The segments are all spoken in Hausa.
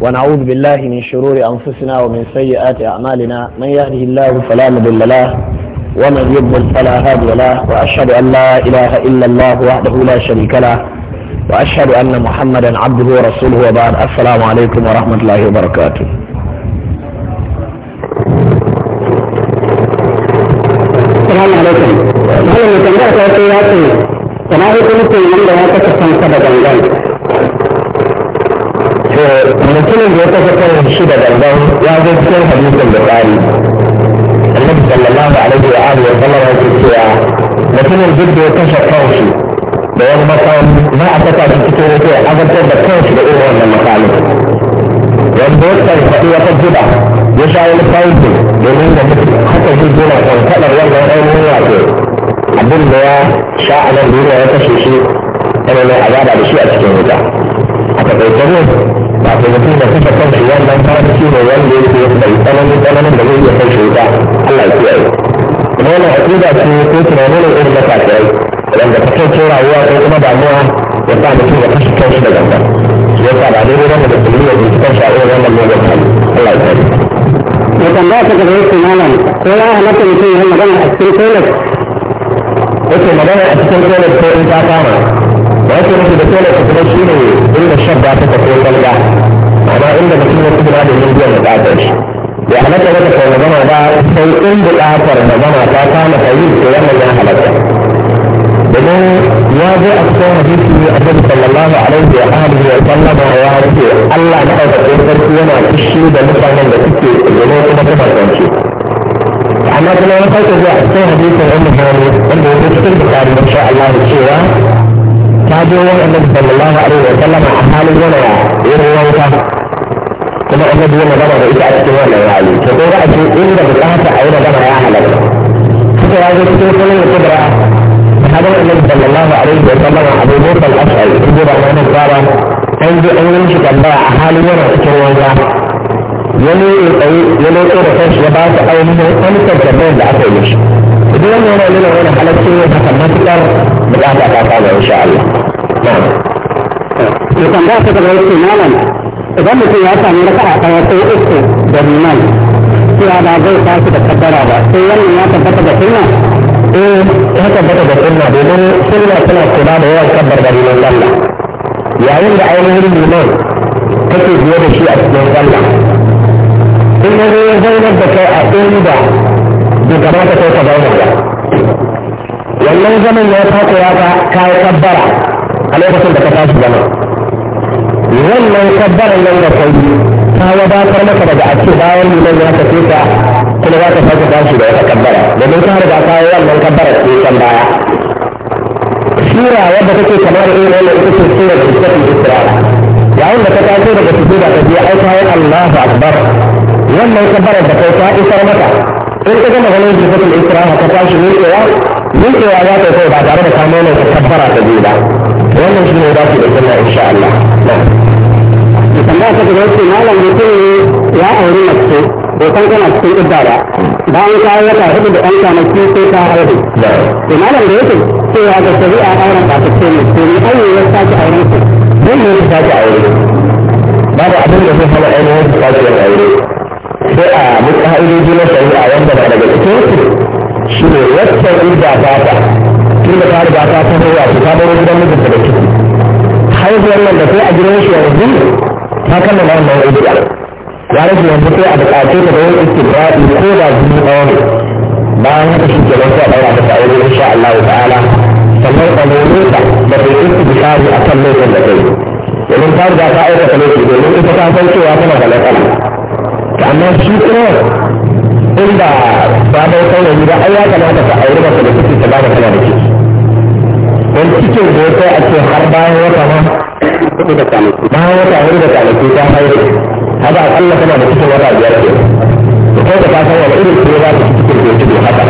ونعوذ بالله من شرور أنفسنا ومن سيئات أعمالنا من يهده الله فلا مضل له ومن يضلل فلا هادي له وأشهد أن لا إله إلا الله وحده لا شريك له وأشهد أن محمدا عبده ورسوله وبعد السلام عليكم ورحمة الله وبركاته السلام عليكم هل متمرأة في عليكم. سماعي كنت من دعاتك السنة بدنجان mutumin da ya kafa kan shi da gangan ya zo cikin hadisin bukari annabi sallallahu alaihi wa alihi wa sallam ya ce cewa mutumin duk da ya kashe kanshi da wani makami na a saka shi cikin wuta ya azabtar da kanshi da irin wannan makami wanda ya karfaɗi wata jiba ya sha wani fahimci domin da haka shi gina kankanar wannan ainihin wato abin da ya sha a nan duniya ya kashe shi tsanani azaba da shi a cikin wuta a takaice ne ba ta mutum da suka san da wannan kwanaki ne wanda ya ke da tsananin tsananin da zai iya kai shi wuta Allah ya kiyaye kuma wannan aƙida ce ko tunanin irin da kafirai wanda ta kai rayuwa ko kuma damuwa ya sa mutum ya kashe kanshi da gaba ya sa ba daidai wanda da kuma ya ji kanshi a irin wannan mugun hali Allah ya kiyaye. tambaya ta gaba yake malam ko ya halatta mutum ya magana a cikin toilet? Yake magana a cikin toilet ko in ta kama وأنت مش بتقول أنت تمشي إن الشاب عطتك وترجع معناه إن مسلم يكون هذا من دون متعدش وحلت لك في يعني رمضان ده سوء إن بالآخر رمضان ده كان طويل كلام يا حلتك بدون واضح أكثر حديث النبي صلى الله عليه وآله وسلم وآله الله نحن تقول لنا الشيء ده مثلا من ذلك اللي هو كما تفعل أما كما نقلت في حديث الأم هاني أنه يكتب بخاري إن شاء الله السورة تاجوا النبي صلى الله عليه وسلم أحال ولا يروى kuma annabi yana gama da ita a cikin wannan hali to ko da ake inda bukata a yi magana ya halaka suka yazo cikin sunan kubra hadar annabi sallallahu alaihi wa sallam abu musa al-ash'ari ko da wannan tsara an ji an yi shi tambaya a halin yana cikin wanda wani ya tsaye ya lokacin da kanshi ya ba su ainihin wani tantambayar da aka yi mishi duk wannan yana nuna wani halaccin yin haka matuƙar buƙata ta kama insha Allah na'am to tambaya ta gaba yake malam idan mutum ya samu raka'a ɗaya ko uku da liman cewa ba zai tashi da kaddara ba sai wannan ya tabbata da sunna eh ya tabbata da sunna domin sunna tana kula da yawan kabbar da liman sallah yayin da ainihin liman kake biye da shi a cikin sallah in ya zo ya zaunar da kai a inda bai kamata kai ka zauna ba wannan zaman ya fata ya ka kayi kabbara a lokacin da ka tashi zama wannan kabbara nan da kai ta wadatar maka daga a ce bayan nan ya tafi ta kuma za ka fata tashi da wata kabbara domin ka riga yi wannan kabbara ce kan baya sura wadda take kamar irin wannan ita ce sura da take isra yayin da ka tashi daga tafi da ka je ai kawo Allahu akbar wannan kabbara da kai ta isar maka in ka gama ganin sifatul ikrama ka tashi miƙewa miƙewa za ta kai ba tare da kamo ne ka tabbara ta biyu ba wannan shi ne dace da sunna insha Allah tambaya ta gaba ce malam mutum ne ya auri mace ko san kana cikin idda ba bayan ka wata hudu da ɗan kwanaki sai ta haihu to malam da yake cewa da shari'a auren ba ta ce ne to ni an yi wata ki auren ku zan yi wata ki aure babu abin da zai hana ainihin ta ki aure sai a bi ka'idoji na shari'a wanda ba daga cikin su shi ne wacce idda ba ta tun da ta riga ta san ruwa su ta bar gidan mijinta da ciki haihuwar nan da sai a gidan shi yanzu ta kammala wannan idda ya rage yanzu sai a buƙace ta da yin istibra'i ko da biyu ɗaya ne bayan haka shi ke nan sai a ɗaura ta aure insha Allah ta'ala sannan a nemi ta da bai istibra'i a kan laifin da kai domin ta riga ta aikata laifi domin ita ta san cewa tana da matsala amma shi kuma inda sabon saurayi ba ai ya kamata ka aure masa da kike ta ba da kana da kike wani cikin da ya kai a ce har bayan wata ma hudu da kwanaki bayan wata hudu da kwanaki ta haihu haka akalla kana da cikin wata biyar ke da kai da ka san wani irin kuma za su cikin da ya cikin haka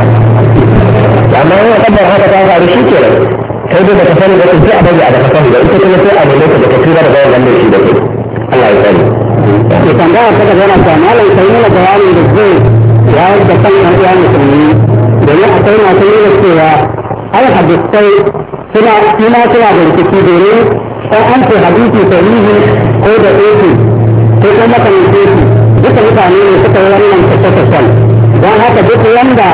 amma yana kabbar haka ta faru shi ke kai da ka sani da kai sai a bayyana da ka sani da ita kuma sai a nemi ka da ka tura da bayan wannan shi da kai Allah ya sani ke tambaya ta gaba yana cewa malam da zai ya cewa ai hadisai suna da rikici domin ɗan an ko da ɗauki ko kuma makamanci mutane ne suka yi wannan kashe-kashen don haka duk wanda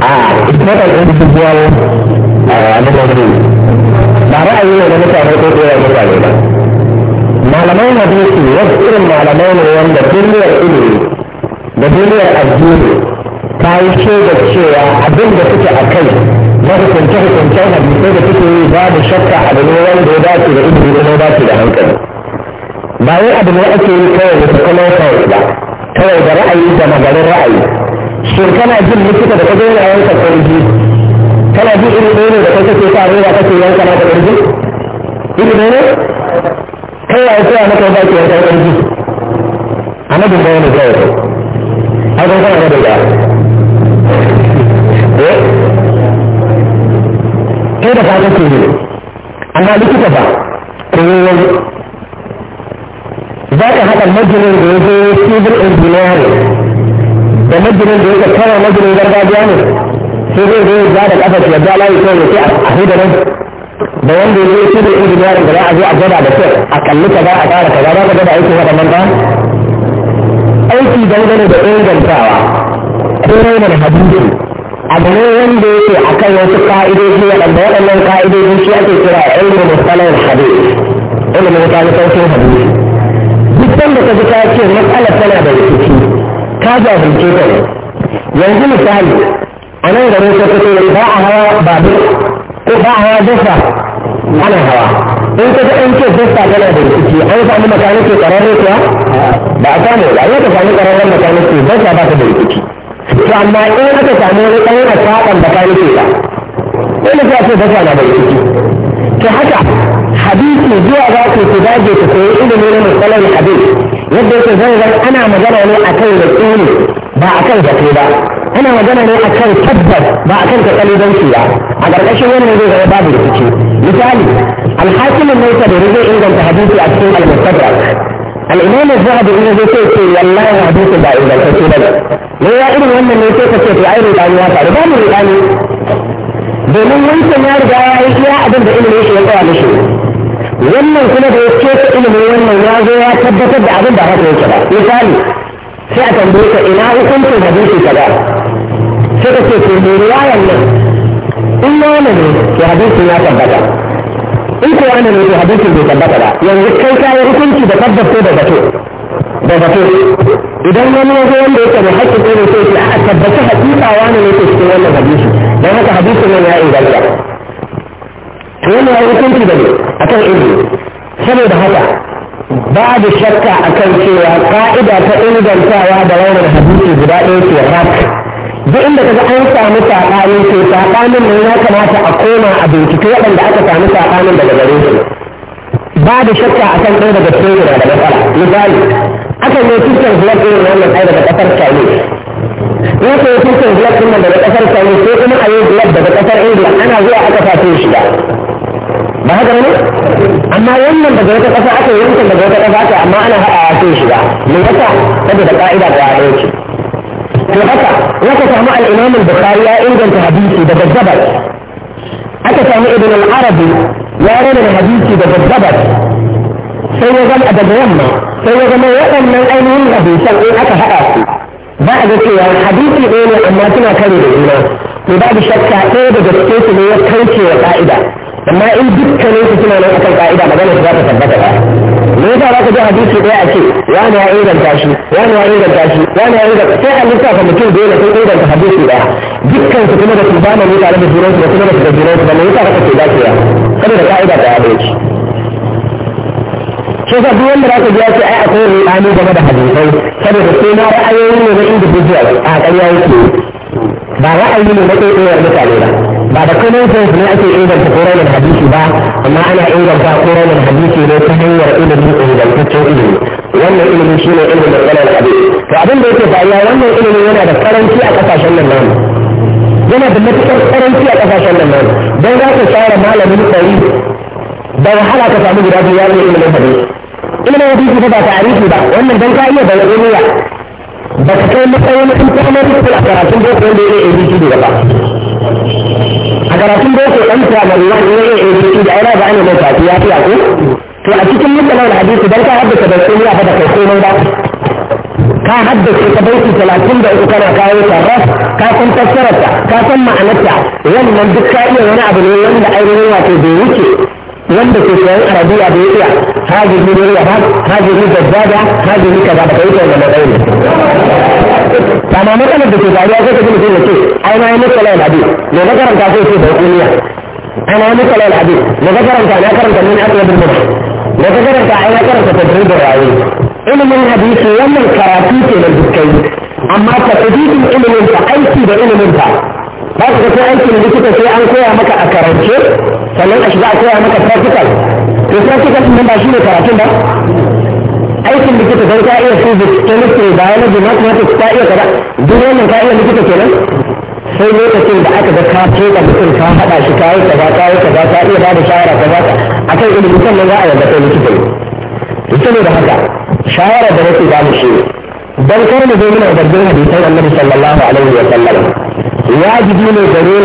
a ita ba ra'ayi ne da mutane ko koyar mutane ba malamai na hadisi wasu irin malamai ne wanda duniyar ilimi da duniyar addini ta yi shaidar cewa abin da suke a kai na hukunce hukuncen hadisai da suke yi babu shakka abu ne wanda ya dace da ilimi kuma ya dace da hankali ba wai abu ne ake yi kawai da kuma kawai ba kawai da ra'ayi da maganin ra'ayi shin kana jin likita da ka zo yana yanka kwanji kana ji iri ɗaya ne da kai kake sa roba kake yanka na ƙarfi iri ɗaya ne kai ya ce a maka ba ki yanka ƙarfi a madin ɗaya ne kawai a kana da ya kai da fata ke ne amma likita ba ko wani za ka haɗa majalin da ya zo civil engineering da majalin da ya ga kawai majalin gargajiya ne sai zai zai ba da kafa ya da layi kawai sai a huda nan da wanda ya yi shirin injiniyarin da za a zo a gwada da kyau a kalli ka za a kara ka za ka gwada aikin waɗannan ba aiki dangane da ingantawa ko da hadisi a ne wanda yake a kan wasu ka'idoji waɗanda waɗannan ka'idoji shi ake kira ilmin musalin hadisi ilmin musalin sautin hadisi duk da ka ji ka ce matsalar tana da rikici ka jahilce ta ne yanzu misali a nan garin sokoto ba a hawa babu ko ba a hawa dasa ana hawa in ka ga an ce dasa tana da rikici an samu makaniki ƙararre kuwa ba a samu ba yau ka samu ƙararren makaniki dasa ba ta da rikici to amma in aka samu wani ɗan a saɓan makaniki ba wani za a ce dasa na da rikici to haka hadisi zuwa za ku ku dage ku koyi ilimi na musalar hadisi yadda yake zan zan ana magana ne akan yaƙini ba akan zato ba ana magana ne akan tabbas ba akan takalidanci ba a ƙarƙashin wannan zai zama babu rikici misali alhakimin mai sabiri zai inganta hadisi a cikin al-mustadrak al-imam az-zahabi in zai ce ce wallahi hadisi ba ingantacce ba ne ya irin wannan ne sai ka ce to ai rudani ya faru babu rudani domin wancan ya riga ya yi iya abin da ilimin shi ya tsaya mishi wannan kuma da ya ce ilimin wannan ya zo ya tabbatar da abin da haka yake ba misali sai a tambaye ka ina hukuncin hadisi kaza sai ka ce to mai riwayan nan in ma wani ne to hadisin ya tabbata in ko wani ne to hadisin bai tabbata ba yanzu kai ka yi hukunci da tabbato da zato da zato idan wani wazo wanda yake da haƙƙi ko ne sai a tabbaci hakika wani ne ke cikin wannan hadisi don haka hadisin nan ya inganta to wannan ya hukunci da ne akan ilimi saboda haka babu shakka akan cewa ka'ida ta ingantawa da wannan hadisi guda ɗaya ke rak duk inda kaga an samu saɓani to saɓanin nan ya kamata a koma a bincike waɗanda aka samu saɓanin daga gare su da shakka a kan ɗaya daga cikin da daga matsala misali aka yi cikin blog ɗin wannan ɗaya daga ƙasar chinese ya yi cikin blog ɗin daga ƙasar chinese sai kuma a yi blog daga ƙasar india ana zuwa aka fafe shi shiga. ba haka ne amma wannan daga wata ƙasa aka yi wancan daga wata ƙasa aka amma ana haɗawa sai shiga me yasa saboda ƙa'ida da ɗaya ce ركع ركع مع الامام البخاري ايضا في حديثه ده بالضبط اتى سامي ابن العربي يرى من حديثه ده بالضبط سيدنا جمع ده جمع سيدنا جمع يقل من اين ينهب يسال ايه اتى حقاسي بعد كده الحديث الاولى اما كنا كلمه الامام وبعد شكا ايه ده بالكيس اللي هو كيس القائده amma in dukkanin su suna nan akan ka'ida magana su za ta tabbata ba me yasa za ka ji hadisi ɗaya a ce wani ya inganta shi wani ya inganta shi wani ya inganta sai an lissafa mutum dole sun inganta hadisi ɗaya dukkan su kuma da su bana ne tare da junansu da kuma da su da junansu ba me yasa ka ce dacewa saboda ka'ida ta adalci shi yasa duk wanda za ka ji ya ce ai akwai ruɗani game da hadisai saboda sai na ra'ayoyi ne na individual a ƙarya yake ba ra'ayi ne na ɗaiɗayar mutane ba بعد كل يوم في نأتي إلى الفقراء من حديثي بعد أما أنا إلى الفقراء من حديثي لا تهير إلى الفقراء إلى الفقراء وأنا إلى المشينة إلى المقبلة الحديث فأبين بيت فأيا وأنا إلى المشينة إلى الفقراء في أقصى شمال نعم جنا بالنسبة للفقراء في أقصى شمال نعم دورا تشارة مالا من الطريق دورا حالا تتعمل راضي يارني إلى الحديث إلى ما يديك فدا تعريفي بعد وأنا الدنكا إلى بلغينية بس كان مستوى مثل كلمة في الأقراء سنبوك وين بيلي إيجي جيدي a karatun boko ɗan firamare wani ne ya yi da yana ba ana mai tafi ya fiya ko to a cikin mutanen hadisi don ka haddasa da sun ya fada kai komai ba ka haddace ka baiti talatin da uku kana kawo sarraf ka san fassararta ka san ma'anarta wannan duk ka iya wani abu ne wanda ainihin wato bai wuce wanda ke koyon arabiya da ya iya hajji ne ya ba hajji jaddada hajji kaza da kai wannan matsayi ne amma matsalar da ke faruwa sai ka ji mutum ya ce ai ma yi mutsala al'adu ne na karanta sai ce da hukuniya ai ma yi mutsala al'adu ne na karanta na karanta ne na karanta ne na karanta ai na karanta tadribin rayu ilimin hadisi wannan karatu ke na dukkan amma tadribin ilimin ta aiki da ilimin ta ba ka ga aikin likita sai an koya maka a karance sannan a shiga a koya maka practical to practical nan ba shi ne karatun ba aikin likita don ka iya physics chemistry biology mathematics ka iya kaza duk wannan ka iya likita kenan sai lokacin da aka ga ka tsoka mutum ka hada shi ka yi kaza ka yi kaza ka iya bada shawara kaza ka akan ilimin sannan za a yarda kai likita ne saboda haka shawara da nake ba mu shi ne dan kar mu zo muna zargin hadisan annabi sallallahu alaihi wa sallam wajibi ne gare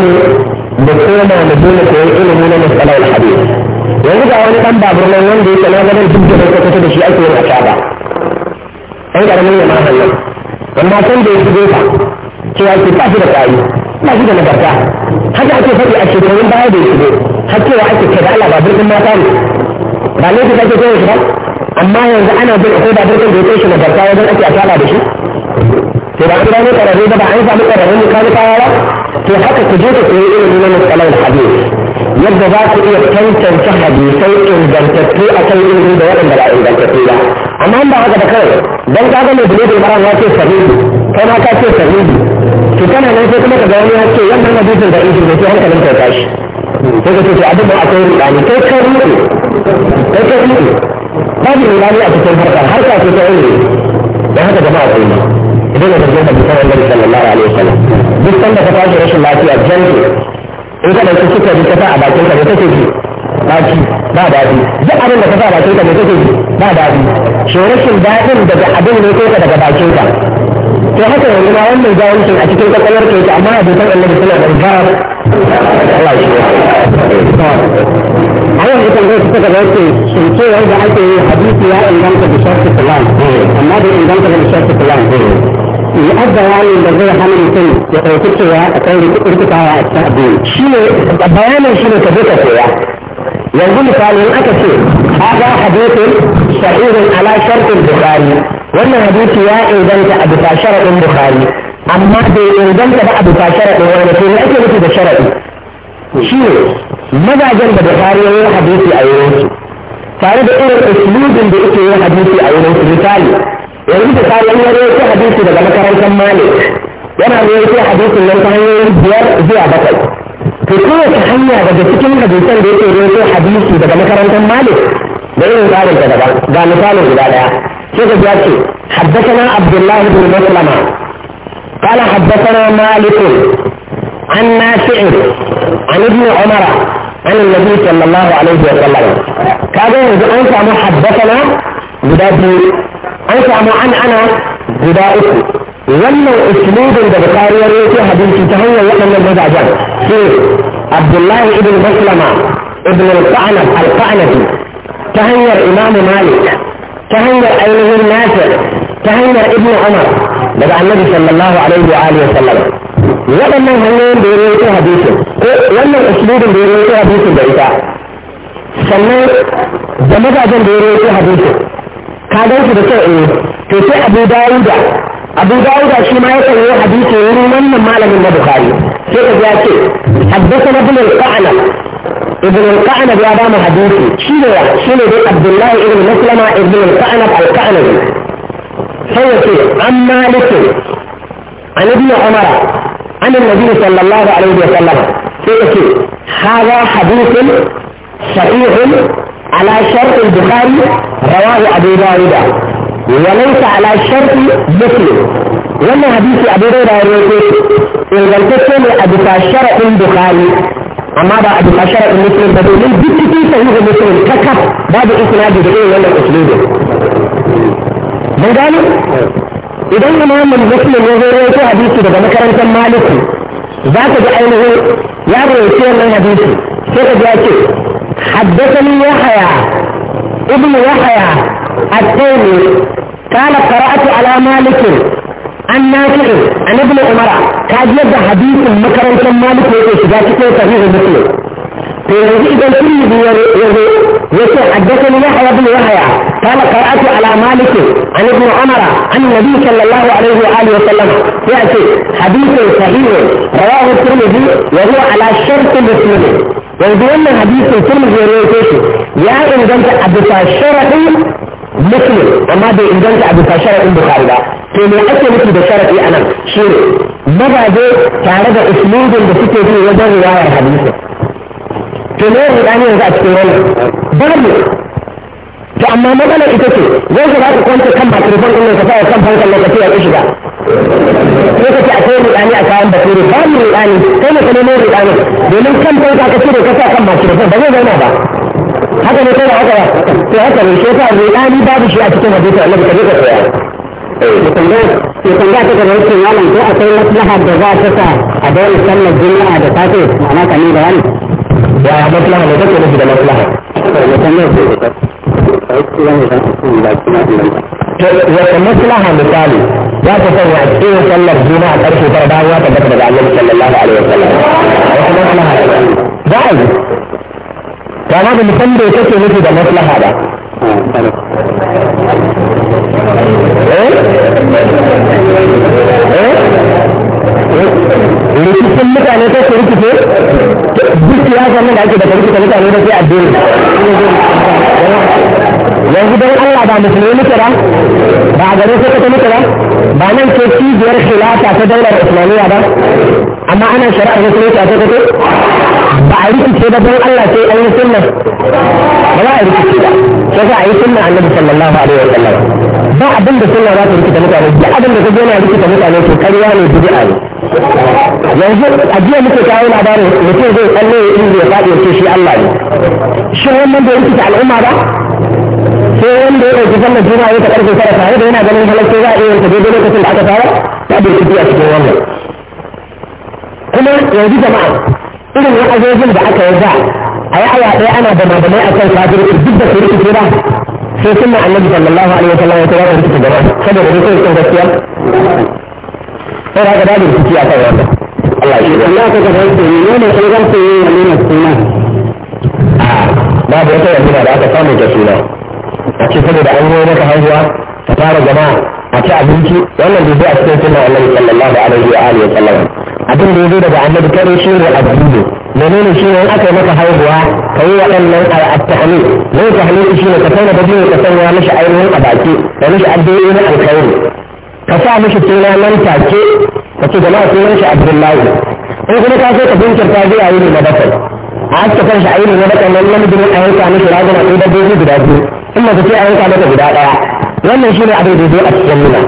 mu da koma mu dole koyi ilimi na masalar hadisi yanzu ga wani dan babur nan wanda yake na ganin duk da kai kusa da shi ake yin asaba ai karamin ya ma hanyar amma san da yake gefa cewa ke ba shi da kai ba shi da nagarta haka ake faɗi a shekarun baya da yake har cewa ake ce da Allah babur din mata ne ba ne da kake koyi shi ba amma yanzu ana bin akwai babur din da yake shi nagarta wajen ake asaba da shi to ba kira ne karatu ba ba an samu karatu ne kan kaya ba to haka ku je ku koyi ilimin na musalar hadis yadda za ku iya tantance hadisai ingantattu a kan ilimin da waɗanda ba ingantattu ba amma ba haka da kawai don ka ga mai bulogin mara ya ce sahihi kai ma ka ce sahihi to kana nan sai kuma ka ga wani ya ce wannan hadisin da injin da ke hankalin kai tashi sai ka ce to abin da akwai rudani kai kai rudu kai kai rudu babu rudani a cikin harkar harka ce ta ilimi don haka jama'a kai ma idan da zargin hadisan annabi sallallahu alaihi wasallam duk sanda ka tashi rashin lafiya janto in ka dauki suka ji kasa a bakin ka ne kake ji baki ba daɗi duk abin da ka sa a bakin ka ne kake ji ba daɗi shi rashin daɗin daga abin ne ko ka daga bakin ka to haka yanzu ma wannan jawancin a cikin kwakwalwar ka yake amma hadisan annabi suna da gara Allah shi هو اللي كان جاي يفتكر بس الشيء ده قالت ايه حديث يا انجمت بشرط فلان اما دي انجمت بشرط فلان يؤدى يعني الذي حمل الكلمة يقول يا أتاني ارتفاع التأبين شيء بيانا شيء كذلك يعني يقول مثال الأكثر هذا حديث صحيح على شرط البخاري ولا حديث يا إذا أبتا شرط البخاري أما دي إذا أبتا شرط ولا شيء أكثر في الشرط شيء mazajen da bukari ya yi hadisi a wurin su tare da irin usulubin da yake yin hadisi a wurin su misali yanzu bukari ya rawaito hadisi daga makarantar malik yana rawaito hadisin nan ta hanyoyin biyar zuwa bakwai to kowace hanya daga cikin hadisan da yake rawaito hadisi daga makarantar malik da irin tsarin ta daban ga misalin guda daya sai ya ce haddasana abdullahi bin maslama قال حدثنا مالك عن نافع عن ابن عمر عن النبي صلى الله عليه وسلم كذا إذا أنت عم حدثنا بدأتي أنت عم عن أنا بدأتي ولا أسلوب إذا بتاري ريتي حديثي تهيئ وقم المدى جانب في عبد الله بن مسلمة بن الطعنب الطعنب تهيئ إمام مالك تهيئ أيها الناس تهيئ ابن عمر بدأ النبي صلى الله عليه وآله وسلم waɗannan hanyoyin da ya rawaito hadisin ko wannan usulubin da ya rawaito hadisin da ita sannan da mazajen da ya rawaito hadisin ka gan su da kyau eh to sai abu dawuda abu dawuda shi ma ya sanya hadisi wurin wannan malamin na bukari. sai ka ya ce haddasa na bin ya qana ابن القعنب يا دام حديثي شنو شنو دي عبد الله ابن مسلمة ابن القعنب القعنبي سوى عن مالك عن ابن عمر عن النبي صلى الله عليه وسلم فيأتي هذا حديث صحيح على شرط البخاري رواه أبي داود وليس على شرط مسلم لما حديث أبي داود يقول إن لم أبو كاشر البخاري أما بعد أبو كاشر المسلم بدون البيت صحيح مسلم ككف بعد إسناد الشيء ولا أسلوبه من قال idan imamin muslim ya zo ya hadisi daga makarantar maliki za ka ji ainihin ya rawaito wannan hadisi sai ka ga ce haddathani yahya ibn yahya at-taymi kana qara'atu ala malik an nafi an ibn umara ka ji yadda hadisin makarantar maliki yake shiga cikin sahih muslim to yanzu idan turmi ya zo ya ce haddathani yahya ibn yahya قال قرأت على مالك عن ابن عمر عن النبي صلى الله عليه وآله وسلم يأتي حديث صحيح رواه الترمذي وهو على شرط المسلم ويقول حديث الترمذي رواه يا إن جنت أبو شرطي مسلم وما دي إن جنت أبو فاشرة البخاري لا كما أتي مثل بشرطي أنا شيري ماذا دي تعرض إسلوب بسيطه في وجه رواه الحديث كما يعني أنت أتكلم بعد to amma matsalar ita ce zai ka ka kwanta kan makarfan ɗin ka sa kan fankan lokaci ya shiga sai ka ce a kai rudani a kayan basiri ba mu rudani kai ne ka nemo rudani domin kan fanka ka cire ka sa kan makarfan ba zai zauna ba haka ne kai da haka to haka ne shi yasa rudani babu shi a cikin hadisi Allah ka je ka koya ke tambaya ta gaba yake malam ko akwai maslaha da za ta sa a daina sallar juma'a da safe ma'ana kamar yi wani ya maslaha ne take nufi da maslaha wata maslaha misali ya ta sanya a cikin sallar juma'a ƙarshe tara bayan ya tabbata daga annabi sallallahu alaihi wasallam wata maslaha za a yi ba na da musamman da kake nufi da maslaha ba eh eh rikicin mutane sai su rikice duk siyasa nan da ake da rikicin mutane da sai addini yanzu don Allah ba musulmi muke ba ba a garin sokoto muke ba ba nan ke cibiyar khilafa ta daular amma ana a sokoto ba a rikice ba don Allah sai an ba za a sai yi sunna annabi sallallahu alaihi wa sallam ba abin da sunna za ta rikita mutane duk abin da kaje yana rikita mutane to karya ne bid'a ne yanzu a jiya muke kawo labarin mutum zai tsalle ya inda ya faɗi ya ce shi Allah ne shin wannan bai rikita al'umma ba sai wanda ya ɗauki sallar juma'a ya ta ƙarfe tara tare da yana ganin halarci za a iya yanka daidai lokacin da aka fara ta bai rikita cikin wannan kuma yanzu jama'a irin wa'azojin da aka yi za a yi awa ɗaya ana da malamai a kan kafirci duk da su rikice ba في سنة النبي صلى الله عليه وسلم يقول لك في الدرس خبر الرسول كان كتيا هو هذا بعد كتيا كذا الله الله آه، كذا بعد من يوم الخلق في يوم من السماء ما بيتا يجينا بعد كامل كسينا أكيد كذا بعد يوم من الخلق هو جماعة أكيد أبنتي وأنا بيجي أستيقظ مع النبي صلى الله عليه وسلم أبن بيجي بعد النبي كريشير menene shi ne aka yi maka haihuwa ka yi waɗannan al-tahmid ne tahmid shi ne ka sanya da biyu ka sanya mishi ainihin a baki da mishi addu'o'i na alkhairi ka sa mishi suna nan take ka ce jama'a sunan shi Abdullahi in kuma ka so ka bincika zai a yi na bakwai a aska kan shi a yi na bakwai nan namijin a yanka mishi raguna ɗaya dabbobi guda biyu in mace ce a yanka mata guda ɗaya wannan shi ne abin da zai a cikin nuna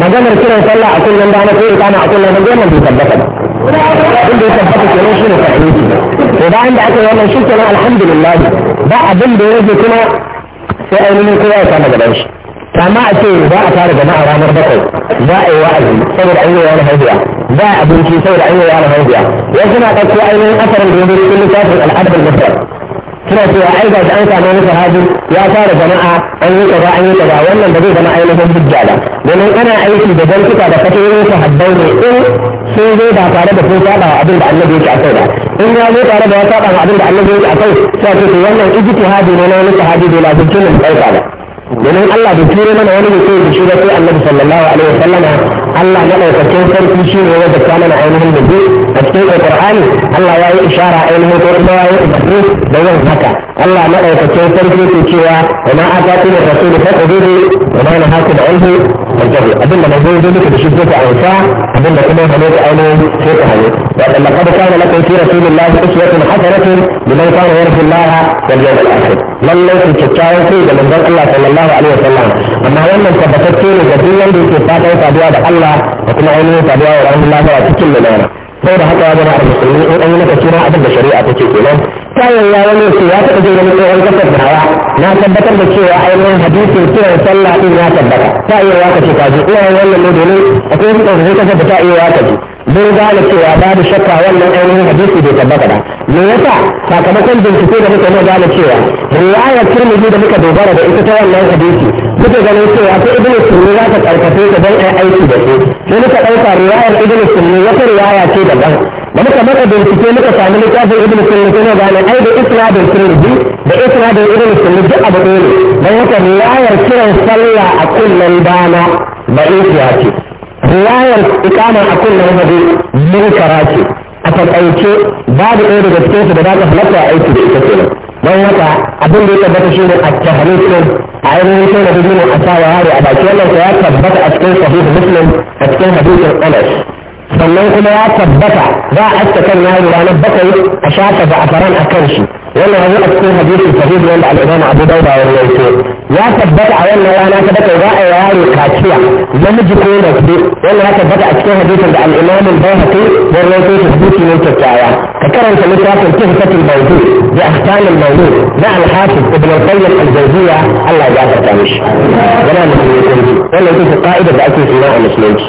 maganar kiran sallah a kullum da na koyi kana a kullum da wannan bai tabbata ba abin da ya tabbata ke nan shine fa'ili to bayan da aka yi wannan shike nan alhamdulillah ba abin da ya rage kuma sai ainihin kowa ya kama gaban shi kama a ce za a tara jama'a ranar bakwai za a yi wa'azi saboda an yi wani haihuwa za a abinci saboda an yi wani haihuwa wasu na ɗauko ainihin asarin da ya rage littafin al'adar musulmi suna cewa ai ga an samu wani sahabi ya fara jama'a an yi kaza an yi kaza wannan ba zai zama ainihin hujja ba domin ana aiki da zantuka da fatoyin sahabbai ne in sun zo ba tare da sun saba wa abin da annabi yake akai ba in ya zo tare da ya saba wa abin da annabi yake akai sai ce wannan ijtihadi ne na wani sahabi bai lafiya ne ɗauka ba domin Allah da tura mana wani mutum da shirya sai Annabi sallallahu alaihi wasallama Allah madaukakin sarki shi ne wanda ta mana ainihin da duk a cikin Alqur'ani Allah ya yi ishara ainihin ko kuma ya yi umarni da yin haka Allah madaukakin sarki ke cewa wa ma atatu da rasulu fa qudu wa ma nahaku da anhu fajabu abinda manzo ya duka da shi ko ta auta abinda kuma hane da ainihin sai ka hane wa dan laqad kana lakum fi rasulillahi uswatun hasanatun liman kana yarju Allah wal yawm al-akhir lallai kyakkyawan sai da manzon Allah sallallahu sallallahu alaihi wasallam amma wannan tabbatacce ne ga duk wanda yake fatan saduwa da Allah da kuma ainihin saduwa wa ranar lafiya cikin lumana sai da haka wajen a musulmi in an yi maka kira abin da shari'a ta ce kenan kayan ya wani su ya taɓa jin wani tsohon kasar nawa na tabbatar da cewa ainihin hadisin kiran sallah din ya tabbata ta iya waka ce ka ji iyayen wannan ne domin akwai wasu ɗaukacin kasar da ta iya waka ji mun gane cewa babu shakka wannan ainihin hadisi bai tabbata ba me yasa sakamakon bincike da muka gane cewa riwaya turmiji da muka dogara da ita ta wannan hadisi muke ganin cewa ko ibnu sunni za ta karkace ta don ai aiki da su sai muka dauka riwayar ibnu sunni wata riwaya ce daban da muka maka bincike muka sami littafin ibnu sunni sai gane ai da isnadin turmiji da isnadin ibnu sunni duk abu ne don haka riwayar kiran sallah a kullum dana ba ce riwayar ikama a kullum hadu munkara ce a takaice babu ɗaya daga cikin su da za ta halatta a aiki da ita kenan don haka abin da ya tabbata shi ne a tahanin a ainihin sai da a sa wa yare a baki wannan ya tabbata a cikin sahihu muslim a cikin hadisin anas sannan kuma ya tabbata za a aska kan yaro ranar bakwai a shafa za'afaran a kan shi wannan ya zo a cikin hadisin sahihi wanda al'imam abu dauda ya rawaito ya tabbata a wannan rana ta bakwai za a yi yaro kaciya namiji ko mace wannan ya tabbata a cikin hadisin da al'imam al-bayhaqi ya rawaito shi hadisi ne kyakkyawa ka karanta littafin tuhfatul mawdu bi ahkamil mawdu na al-hafiz ibn al-qayyim al-jawziyya Allah ya gafarta mishi yana da mutunci wannan ita ce ka'ida da ake suna a musulunci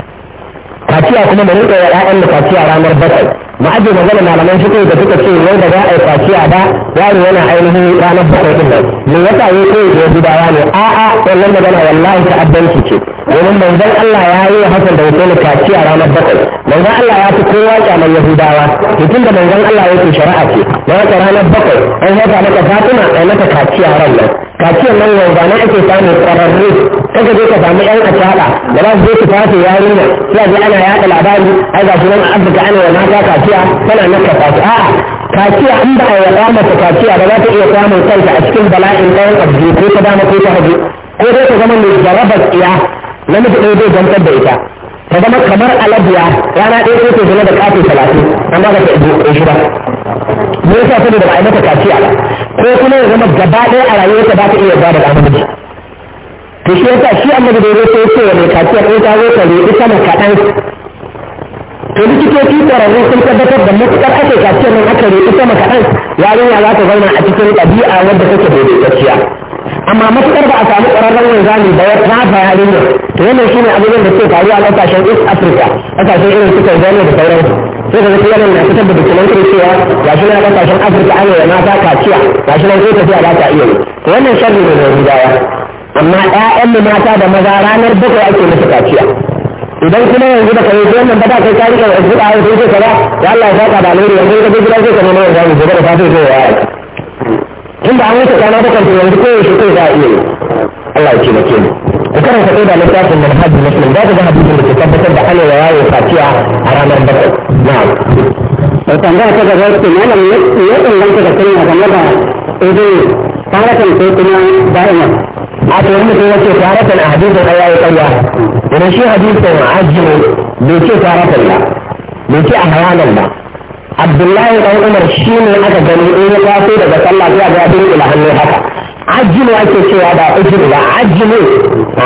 kaciya kuma da rinka wa ƴaƴan kaciya ranar bakwai mu aje magana malaman shi da suka ce yau da za a yi kaciya ba yaro yana ainihin ranar bakwai din nan me yasa yayi koyi da gudawa ne a'a wannan magana wallahi ta'addanci ce domin manzon Allah ya yi hassan da Hussein kaciya ranar bakwai manzon Allah ya fi kowa kyaman Yahudawa mutum da manzon Allah yake shari'a ce na wata ranar bakwai an haka maka Fatima a mata kaciya ran nan kaciyar nan yanzu nan ake samun ƙwararru kaga je ka samu yan kasala da za su je su tafi yarinya sai ga ana yaɗa labari ai ga shi nan a abuka ana wa mata kaciya tana naka kaci a'a kaciya an ba a yaɗa mata kaciya ba za ta iya samun kanta a cikin bala'in ɗayan abu ko ta dama ko ta hagu ko dai ta zama mai jarabar tsiya namiji ɗaya zai zantar da ita ta zama kamar alabiya rana ɗaya ɗaya ta zama da kafin talatin amma ba ta iya shi ba me yasa saboda ba a yi mata kaciya ba ko kuma ya zama gaba ɗaya a rayuwarta ba ta iya yarda da namiji to shi yasa shi annabi da yake yake wa mai kaciyar in ta zo ta roƙi sama kaɗan to likitoci ƙwararru sun tabbatar da matuƙar ake kaciya nan aka rubi sama kaɗan yarinya za ta zauna a cikin ɗabi'a wadda take daidaitacciya amma matuƙar ba a samu ƙwararren wanzami da na ba yarinya to wannan shi ne abubuwan da suke faruwa a ƙasashen east africa ƙasashen irin su tanzania da sauransu sai da wasu yanayi na fitar da dokumen cewa ga shi na kasashen afirka an yi mata kaciya ga shi nan sai tafiya ba ta iya yi wannan sharri ne na rudawa amma ƴaƴan mu mata da maza ranar bakwai ake musu kaciya idan kuma yanzu da kai ko nan ba da kai ka rika wasu da ayyuka ko kaza ya Allah ya saka da alheri yanzu ka gida zai ka nemi wanda zai gobe da safe ko ya yi. tun da an wuce kana da kanta yanzu ko yaushe kai za a iya yi Allah ya ce taimake mu ku karanta kai da littafin da hadisi muslim da ga hadisin da ke tabbatar da ana wa yawo kaciya a ranar bakwai na'am da ta gaba ce malam ne ne inganta da kunya game da ido fara kan sai kuma da'iman a to wani mutum ya ce taratan a hadisin ai yayi ƙarya idan shi hadisin ajiyu bai ce taratan ba bai ce a hayanan ba abdullahi dan umar shi ne aka gani in ya taso daga sallah zuwa ga abin ila hannu haka ajiyu ake cewa ba ujiru ba ajiyu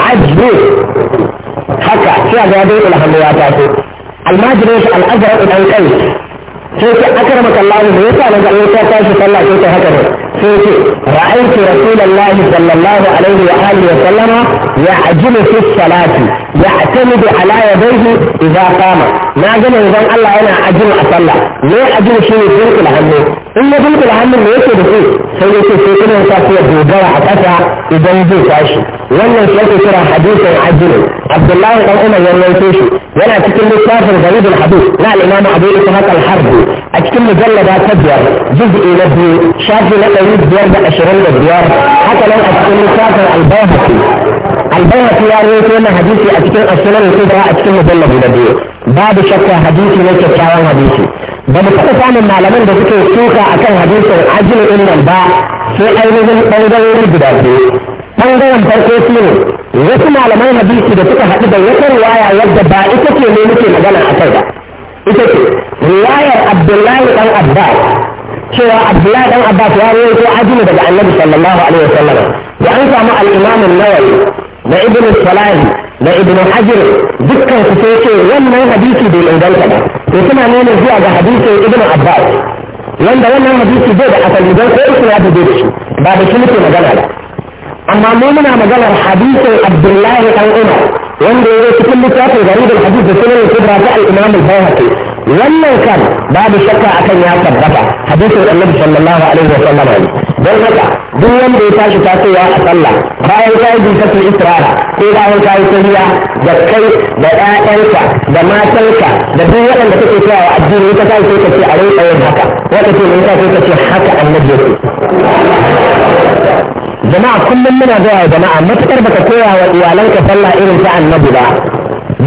ajiyu haka sai ga abin ila hannu ya taso almajirin shi al'azhar dan kai sai ta ce akramaka Allah ne yasa na ga in ka tashi sallah sai haka ne رأيت رسول الله صلى الله عليه وآله وسلم يعجل في الصلاة يعتمد على يديه إذا قام ما قال إذا الله أنا عجل أصلى ليه عجل شيء يدرك الهم إن يدرك الهم ليس بسيط سيدي في كل إنسان يدرك أسعى إذا يدرك أشي wannan shi ake kira hadisin ajiyar abdullahi dan umar ya rawaito shi yana cikin littafin garibin hadis na al'imam abu ishaq al-harbi a cikin mujallada ta biyar juz'i na biyu shafi na ɗari biyar da ashirin da biyar haka nan a cikin littafin al-bayhaqi al-bayhaqi ya rawaito wannan hadisi a cikin as-sunan al-kubra a cikin mujallada na biyu babu shakka hadisi ne kyakkyawan hadisi ba mu taɓa samun malaman da suke suka akan hadisin ajiyar ɗin nan ba sai ainihin ɓangarorin guda biyu ɓangaren farko shi ne wasu malamai hadisi da suka haɗu da wata riwaya yadda ba ita ce ne muke magana a kai ba ita ce riwayar abdullahi ɗan abbas cewa abdullahi ɗan abbas ya rawaito ajinu daga annabi sallallahu alaihi wasallam da an samu al-imam nawawi da ibn salahi da ibn hajar dukkan su sai ce wannan hadisi bai inganta ba to suna nuna zuwa ga hadisin ibn abbas wanda wannan hadisi bai da asali don ko isnadu bai da shi ba da shi muke magana ba amma mu muna maganar hadisin abdullahi dan umar wanda ya cikin littafin garibin hadis da sunan kubra ta al-imam al-bayhaqi wannan kan babu shakka akan ya tabbata hadisin annabi sallallahu alaihi wa sallam don haka duk wanda ya tashi tasowa a sallah bayan ka yi jinkatul isra'a ko bayan ka yi tahiya da kai da ƴaƴanka da matanka da duk waɗanda kake cewa wa addini ka kai sai ka ce a rinka yin haka wata ce mun sai ka ce haka annabi yake jama'a kullum muna gaya jama'a matukar baka koya wa iyalanka sallah irin ta annabi ba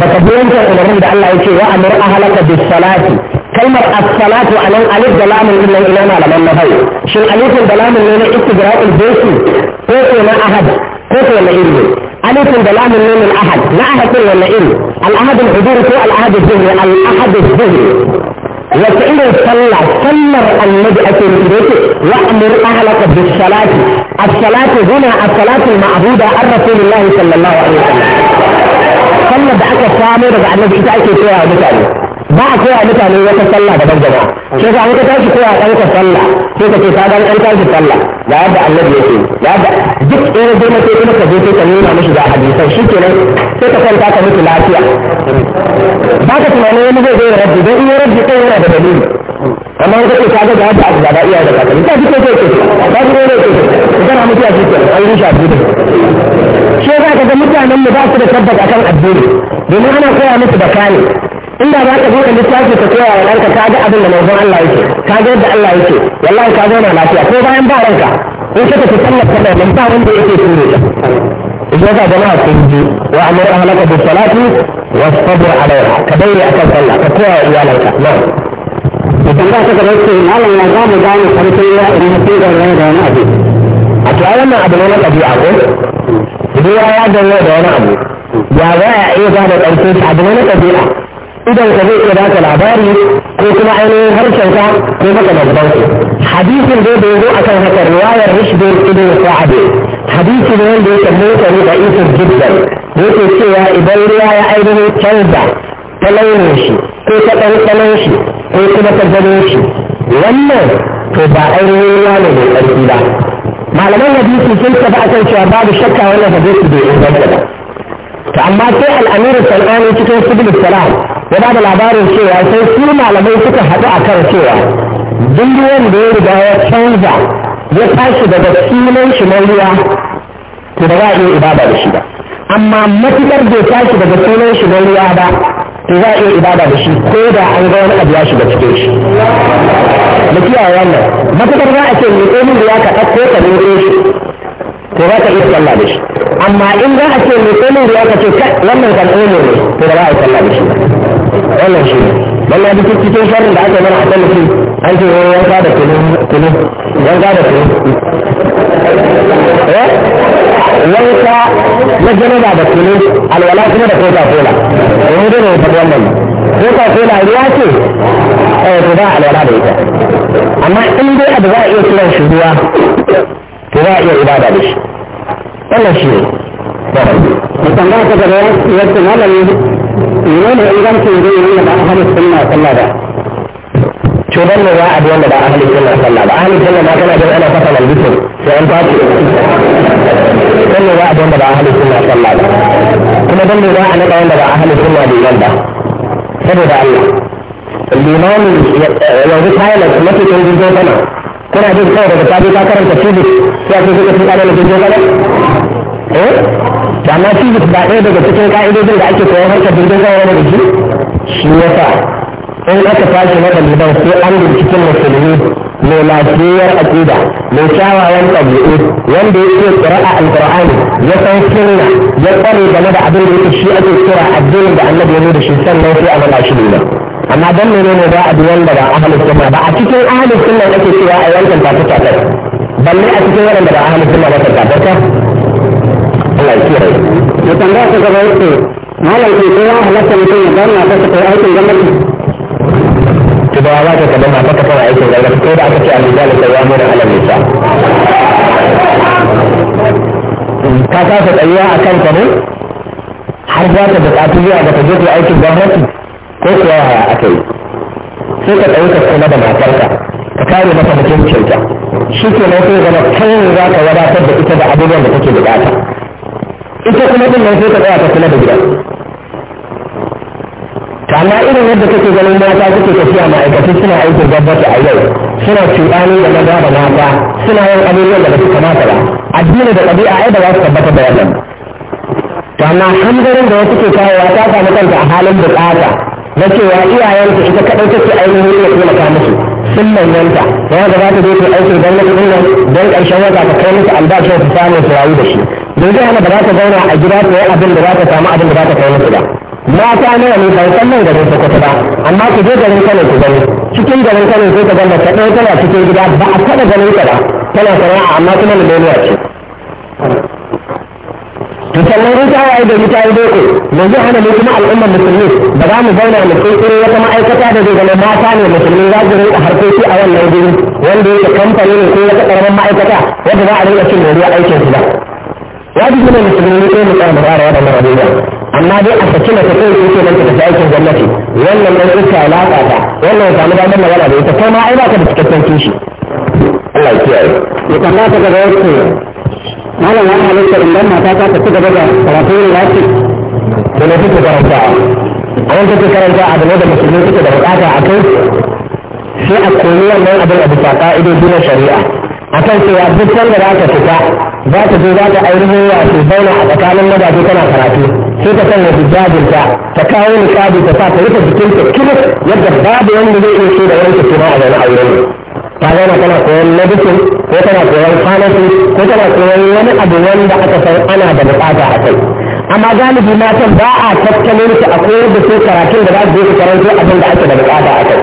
baka bi wancan umarnin da Allah ya ce wa amur ahlaka bis salati kalmar as-salatu anan alif da lamun din nan ina malaman na bai shin alifin da lamun ne na istigra'ul baiti ko ko na ahad ko ko na ilmi alifin da lamun ne na ahad na ahad din wannan ilmi al-ahad al-huduri ko al-ahad al-dhuhri al-ahad al-dhuhri وسيدي صلى سمر المدعه البيت وامر اهلك بالصلاه الصلاه هنا الصلاه المعبوده عن رسول الله صلى الله عليه وسلم صلى بعد سامر بعد النبي تاكل فيها ba a koya mutane wata sallah daban jama'a sai ka wata tashi koya ɗaukar sallah sai ka ce ka dan ɗan tashi sallah ga yadda annabi yake ga yadda duk irin dai mace kuma ka je sai ka nuna mishi ga hadisan shi kenan sai ka kwanta ka mutu lafiya ba ka tunanin wani zai zai rabbi don in ya rabbi kai yana da dalili amma ka ce ka ga ga yadda abubuwa ba iya da kakali ta ji ko ce ce ta ji ko ce ce ka na mutu a shi kenan an yi shi a shi shi za ka ga mutanen mu ba su da tabbata kan addini domin ana koya musu da kane inda ba ka buɗe littafi ka koya wa ranka ka ga abin da manzon Allah yake ka ga yadda Allah yake wallahi ka zauna lafiya ko bayan ba ranka in ka tafi sallar ta nan ba wanda yake ture ka idan ka jama'a sun ji wa amara ahlaka bi salati wa sabr alaiha ka dai akan sallah ka koya wa iyalanka na'am idan ba ka gaba ce malam na za mu gane farkon ya idan mutum da wani da wani abu a to ai wannan abu ne na ɗabi'a ko idan ya ya da wani abu ya za a iya gane ƙarfin sa abu ne na ɗabi'a idan ka zai iya baka labari ko kuma ainihin harshen ka ko maka makamantan su hadisin dai da yazo akan haka riwayar rishdu ibn sa'ad hadisi ne wanda yake mutane da isin jiddan yake cewa idan ruwa ya ainihin canza ta launin shi ko ta ɗanɗanon shi ko kuma ta gano shi wannan to ba ainihin ruwa ne mai ƙarfi ba malaman hadisi sun tafi akan cewa babu shakka wannan hadisi bai inganta ba to amma sai al'amiru sanani cikin sibir salam ya ba da labarin cewa sai su malamai suka haɗu a kan cewa duk wanda ya riga ya canza ya tashi daga sunan shi na ruwa to ba za a iya ibada da shi ba amma matukar bai tashi daga sunan shi na ruwa ba to za a iya ibada da shi ko da an ga wani abu ya shiga cikin shi da kiyaye wannan matukar za a ce mai ɗomin da ya kaɗa ko ka ne shi to za ka iya sallah da shi amma in za a ce mai tsanin da aka ce wannan kan ne to ba za a yi sallah da shi wannan shi ne wannan duk cikin sharrin da aka mana a sallah an ce wani yanka da kunu kunu yanka da kunu eh yanka na janaba da kunu alwala kuma da coca cola wani dole ne faɗi wannan coca cola ruwa ce eh to ba alwala da ita amma in dai abu za a iya kiran shi ruwa to za a iya ibada da shi wannan shi ne tambaya ta gaba yadda malami ne ne ingancin zai yi da ahalin sunna sallah da cutar ne za a bi wanda ba ahalin sunna sallah ba ahalin sunna ma kana jin ana fasa malbikin sai an tashi dan ne za a bi wanda ba ahalin sunna sallah ba kuma dan ne za a naɗa wanda ba ahalin sunna bai yanda saboda Allah limamin yanzu kayan mafi canjin zai kana jin kawai daga tabi ka karanta physics sai ake kuka sun kada mutum gaba eh da ma physics ba ɗaya daga cikin ka'idodin da ake koyar harkar jirgin kawai wani da shi shi yasa in aka tashi na ɗaliban sai an binciken musulmi mai lafiyar aƙida mai kyawawan ɗabi'u wanda ya ce ƙira'a alƙur'ani ya san sunna ya ƙware game da abin da yake shi ake kira addinin da annabi ya da shi sannan sai a mana shi ne amma dan menene za a bi wanda ba ahlus sunna ba a cikin ahlus sunna ake cewa a yankan ta ta ta balle a cikin wanda ba ahlus sunna ba ta ta ta Allah ya kiyaye ya tambaya ta gaba yake malam ke ko ya halatta mutum ya zauna ta ta aikin gwamnati ki ba za ka kada mata ta fara aikin gwamnati ko da aka ce al-rijal sayyamu da alal nisa ka kasa tsayuwa a kan ne har za ta buƙatu zuwa ga ta je aikin gwamnati ko kuwa yaya aka yi sai ka ɗauka kuma da matarka ka kare masa mutuncinta shi ke nan sai zama yin za ka wadatar da ita da abubuwan da take bukata ita kuma ɗin nan sai ka tsaya ka kula da gidan ta amma irin yadda kake ganin mata suke tafiya ma'aikatu suna aikin gwamnati a yau suna cuɗani da maza da mata suna yin abubuwan da basu su kamata ba addini da ɗabi'a ai ba za su tabbatar da wannan to amma hanzarin da wasu ke kawowa ta samu kanta a halin bukata na cewa iyayenta ita kaɗai take ainihin ya taimaka musu sun manyanta ya ga za ta je ta aiki don na kuɗin don ƙarshen wata ta kai musu albashin su samu su rayu da shi don zai hana ba za ta zauna a gida ta yi abin da za ta samu abin da za ta kai musu da mata nawa ne ban san nan garin Sokoto ba amma ku je garin Kano ku gani cikin garin Kano sai ka ga mace ɗaya tana cikin gida ba a taɓa ganin ta ba tana sana'a amma kuma miliyoniya ce to sannan in ta yi gari ta yi doko da zai hana kuma al'ummar musulmi ba za mu zauna mu kirkiro wata ma'aikata da zai zama mata ne musulmi za su rinka harkoki a wannan guri wanda yake kamfani ne ko wata karamin ma'aikata wadda za a rinka cin doriya aikin su ba wajibi ne musulmi ne mu tsara mu tsara waɗannan abubuwa amma dai a saki mace kai yake nan ta tafi aikin gwamnati wannan nan iska ya latsa ta wannan ya samu damar magana da ita kai ma ai ba ka da cikakken kishi Allah ya kiyaye ya kamata ka ga wasu malam ya halitta idan mata ta ta gaba da karatu ne lafi da ne take karanta a wanda take karanta a da musulmi take da bukata a kai sai a koyi wannan abin a bisa ka'idoji na shari'a akan cewa duk wanda za ta fita za ta je za ta ainihin wato zauna a tsakanin mazaje tana karatu sai ta sanya hijabinta ta kawo niqabi ta sa ta rufe jikinta kilif yadda babu wanda zai iya so da wanke suna a zaune a wurin ta zama tana koyon medicine ko tana koyon pharmacy ko tana koyon wani abu wanda aka san ana da bukata a kai amma galibi matan ba a tattalin su a koyar da su karatun da za su je su karanto abin da ake da bukata a kai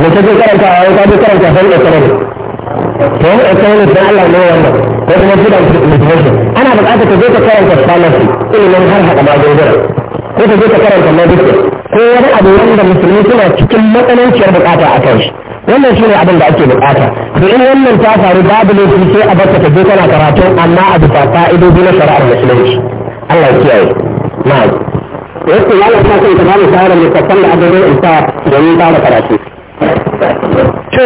mace ce karanta a wani kaji karanta san economic to wani economic Allah ne wannan ko kuma student education ana bukata ta je ta karanta pharmacy ilimin har haɗa magunguna ko ta je ta karanta medicine ko wani abu wanda musulmi suna cikin matsananciyar bukata a kan shi wannan shine abin da ake bukata to in wannan ta faru babu laifi sai a barka ta je tana karatu amma a bisa fa'idodi na shari'ar musulunci Allah ya kiyaye na. na'am wasu malam ta kanta ba mu tsara kan da adadin isa domin fara karatu to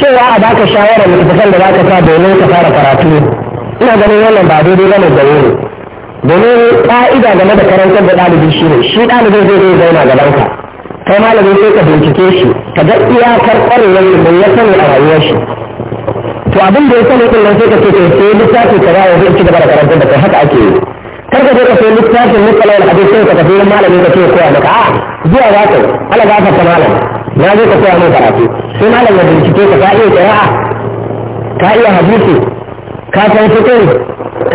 cewa a baka shawara littattafan da za ka sa domin ka fara karatu ina ganin wannan ba daidai bane da ne domin ƙa'ida game da karantar da ɗalibi shi ne shi ɗalibin zai zai zauna gaban ka kai malamin sai ka bincike shi ka ga iyakar ƙwarewar shi mai ya sani a rayuwar shi to abin da ya sani ɗin nan sai ka ce ka sai littafi ka yawo zai ci gaba da karantar da kai haka ake yi kar ka je ka sai littafin mutsalar abin sai ka tafi wurin malamin ka ce koya maka a zuwa za ka ala za ka ta malam na zai ka koya min karatu sai malam ya bincike ka ka iya ƙira'a ka iya hadisi ka san fitin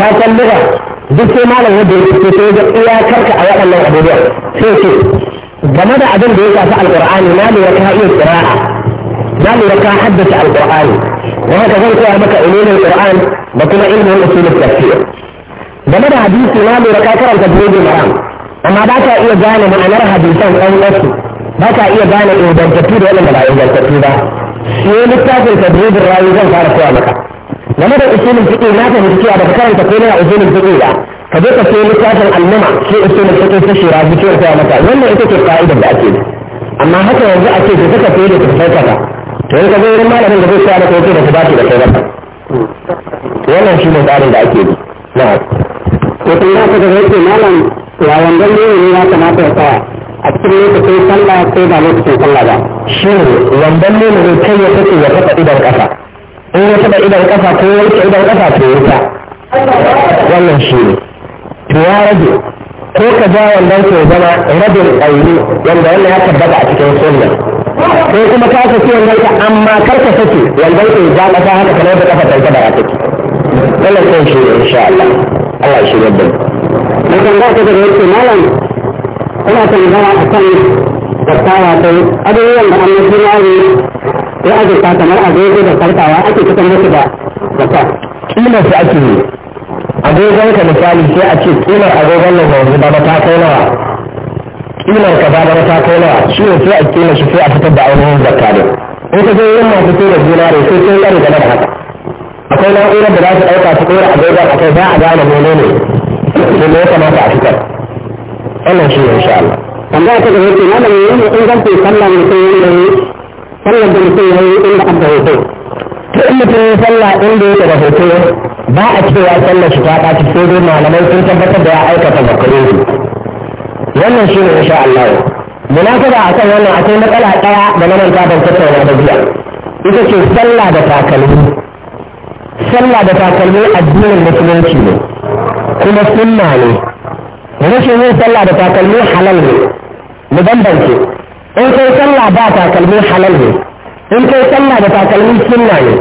ka san lura duk sai malam yadda ya ce sai ga iyakarka a waɗannan abubuwa sai ce game da abin da ya shafi alƙur'ani na lura ka iya kira'a na lura ka haddace alƙur'ani don haka zan koya maka ilimin qur'an da kuma ilimin usulul tafsir game da hadisi na lura ka karanta bulugul maram amma ba ka iya gane ma'anar hadisan ɗan wasu ba ka iya gane ingantattu da waɗanda ba ingantattu ba sai littafin tadribin rayu zan fara koya maka game da usulin fiqh na fahimci cewa daga karanta ko na usulin fiqh ba ka je ka sayi littafin annama shi usulin fiqh ta shira biciyar ta mata wannan ita ce fa'idar da ake amma haka yanzu ake ce ka saka fiye da tafsirka ba to in ka zo wurin malamin da zai tsaya maka yake da ta dace da kai ba wannan shi ne tsarin da ake yi na ko kuma za ka ga yake malam ya wandan ne ne ya kamata ya tsaya a cikin lokacin sallah ko ba lokacin sallah ba shi ne wandan ne ne kai ya kace ya kafa idan kasa in ya taɓa idan ƙafa ko ya wuce idan ƙafa to wuta wannan shi ne to ya rage ko ka ja wannan ke zama rabin ƙauri wanda wannan ya tabbata a cikin sunna ko kuma ka saki wannan ka amma kar ka saki wannan ke ja ƙasa haka kamar da ƙafa tanka da ya take wannan kan shi ne insha Allah Allah shi ne bai mutum ba ta da yake malam ina tambaya akan da tsawa ta abubuwan da annabi ya yi sai azurta kamar agogo da farkawa ake kusan musu da wata kila su ake yi agogon ka misali sai a ce kilar agogon nan yanzu ba ba ta kai nawa kilar ka ba ba ta kai nawa shi ne sai a kila shi sai a fitar da ainihin zakka ne in ka zai yin masu sai da zinare sai sai yare game da haka akwai na'urar da za su ɗauka su ɗora agogon a kai za a gane mene ne ne ne ya kamata a fitar wannan shi ne insha Allah amma ta gaba ce malamin yin ingancin sallah ne sai yin sallar da mutum ya yi inda an da hoto to in mutum ya sallah inda yake da hoto ba a cewa sallar shi ta ɓaci sai dai malamai sun tabbatar da ya aikata zakarin wannan shi ne insha Allah munasaba akan wannan akwai matsala ɗaya da na manta ban tattauna da jiya ita ce sallah da takalmi sallah da takalmi addinin musulunci ne kuma sunna ne rashin yin sallah da takalmi halal ne mu bambance in kai sallah ba takalmin halal ne in kai sallah da takalmin sunna ne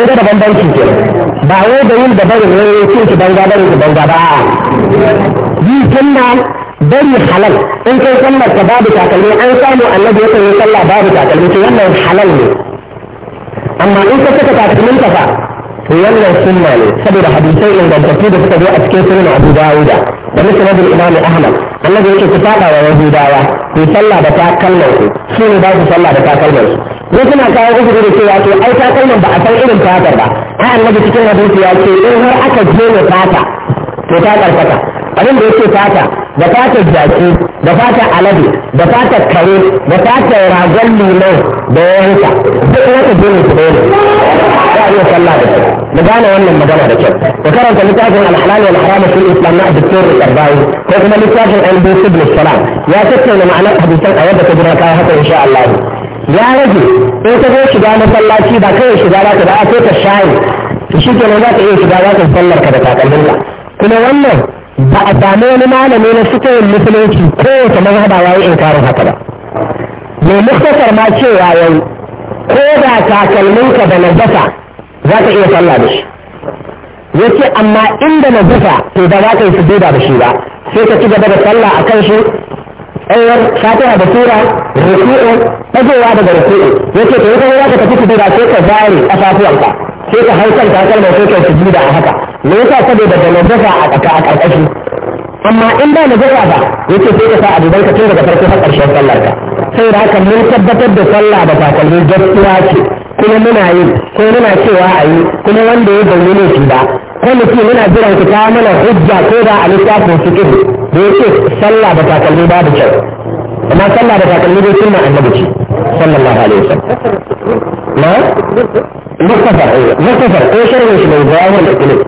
in ga da bambanci ke ba wai da yin da bari ne cin ki banza bari ki banza ba yi sunna bari halal in kai sallar ka babu takalmi an samu annabi ya kai sallah babu takalmi to wannan halal ne amma in ka saka takalmin ka fa to wannan sunna ne saboda hadisai ingantattu da suka zo a cikin sunan Abu Dawud da musu al-Imam Ahmad annabi yake ku fada wa Yahudawa ku sallah da takalman ku su ne ba su sallah da takalman su ne suna kawo uku da cewa to ai takalman ba a san irin fatar ba a annabi cikin hadisi ya ce in har aka je ne fata to ta karkata abin da yake fata da fatar jaki da fata alade da fata kare da fata ragon lilo da yanka duk wata jini su dole za a iya sallah da kyau mu gane wannan magana da kyau da karanta littafin alhalal wal haram fil islam na dr al-qardawi ko kuma littafin al-bisi ibn salam ya tattauna ma'anar hadisan a yadda ta jira kai haka insha Allah ya rage in ka zo shiga masallaci ba kai shiga za ka ba a sai ka shayi shi kenan za ka iya shiga za ka sallar ka da takalminka kuma wannan ba a sami wani malami na cikin musulunci kowace mazhaba ya yi inkarin haka ba mai muktasar ma cewa yau ko da takalminka da najasa za ka iya sallah da shi ya ce amma inda najasa to ba za ka yi sujuda da shi ba sai ka ci gaba da sallah a kan shi tsayar fatiha da sura ruku'u dagowa daga ruku'u ya ce to ita za ka tafi sujuda sai ka zare ƙafafuwanka sai ka hau kan takalma sai ka sujuda a haka me yasa saboda da najasa a tsaka a karkashi amma in ba najasa ba yake sai ka sa abubai ka tun daga farko har ƙarshen sallar ka sai da haka mun tabbatar da sallah da takalmi gaskiya ce kuma muna yi ko muna cewa a yi kuma wanda ya zaune ne shi ba ko mutum muna jiran ku ta mana hujja ko da a littafin fikir da yake sallah da takalmi babu kyau amma sallah da takalmi dai sunna annabi ce sallallahu alaihi wasallam na مختصر مختصر ايه شرح مش من ظاهر الكلمه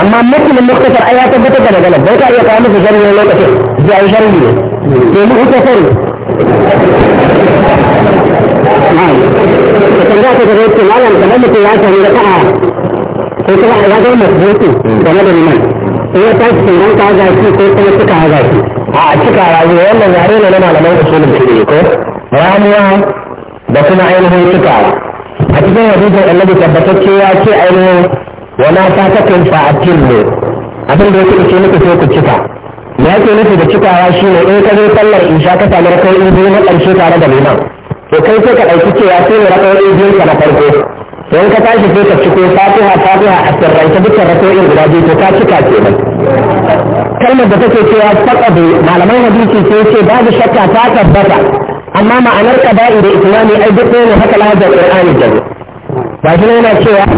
amma mutumin muktasar ai ya tabbatar da magana bai ka iya kawo musu sharri lokacin zai ai sharri ne domin ita sharri da kan zaka da rake malam kamar mutum ya sani da ka'a ko kuma ya zama masbuti game da liman in ya tashi tsoron ka haza shi ko kuma suka haza shi a cika rayuwa wannan yare ne na malaman usulun fiƙe ko ramuwa da kuma ainihin cikawa a cikin hadisin annabi tabbatacce ya ce ainihin wala ta ta kai fa ne. abin da yake ce muku sai ku cika me yake nufi da cikawa shine in ka zo sallar isha ka samu raka'o'i biyu na ƙarshe tare da liman to kai sai ka dauki cewa sai ne raka'o'i biyu ka na farko to in ka tashi sai ka ciko fatiha fatiha a sirrance dukkan raka'o'in guda biyu to ka cika kenan kalmar da take cewa faqadu malaman hadisi sai ce babu shakka ta tabbata amma ma'anar qada'i da islami ai duk ne haka lahadar qur'ani da ba shi ne yana cewa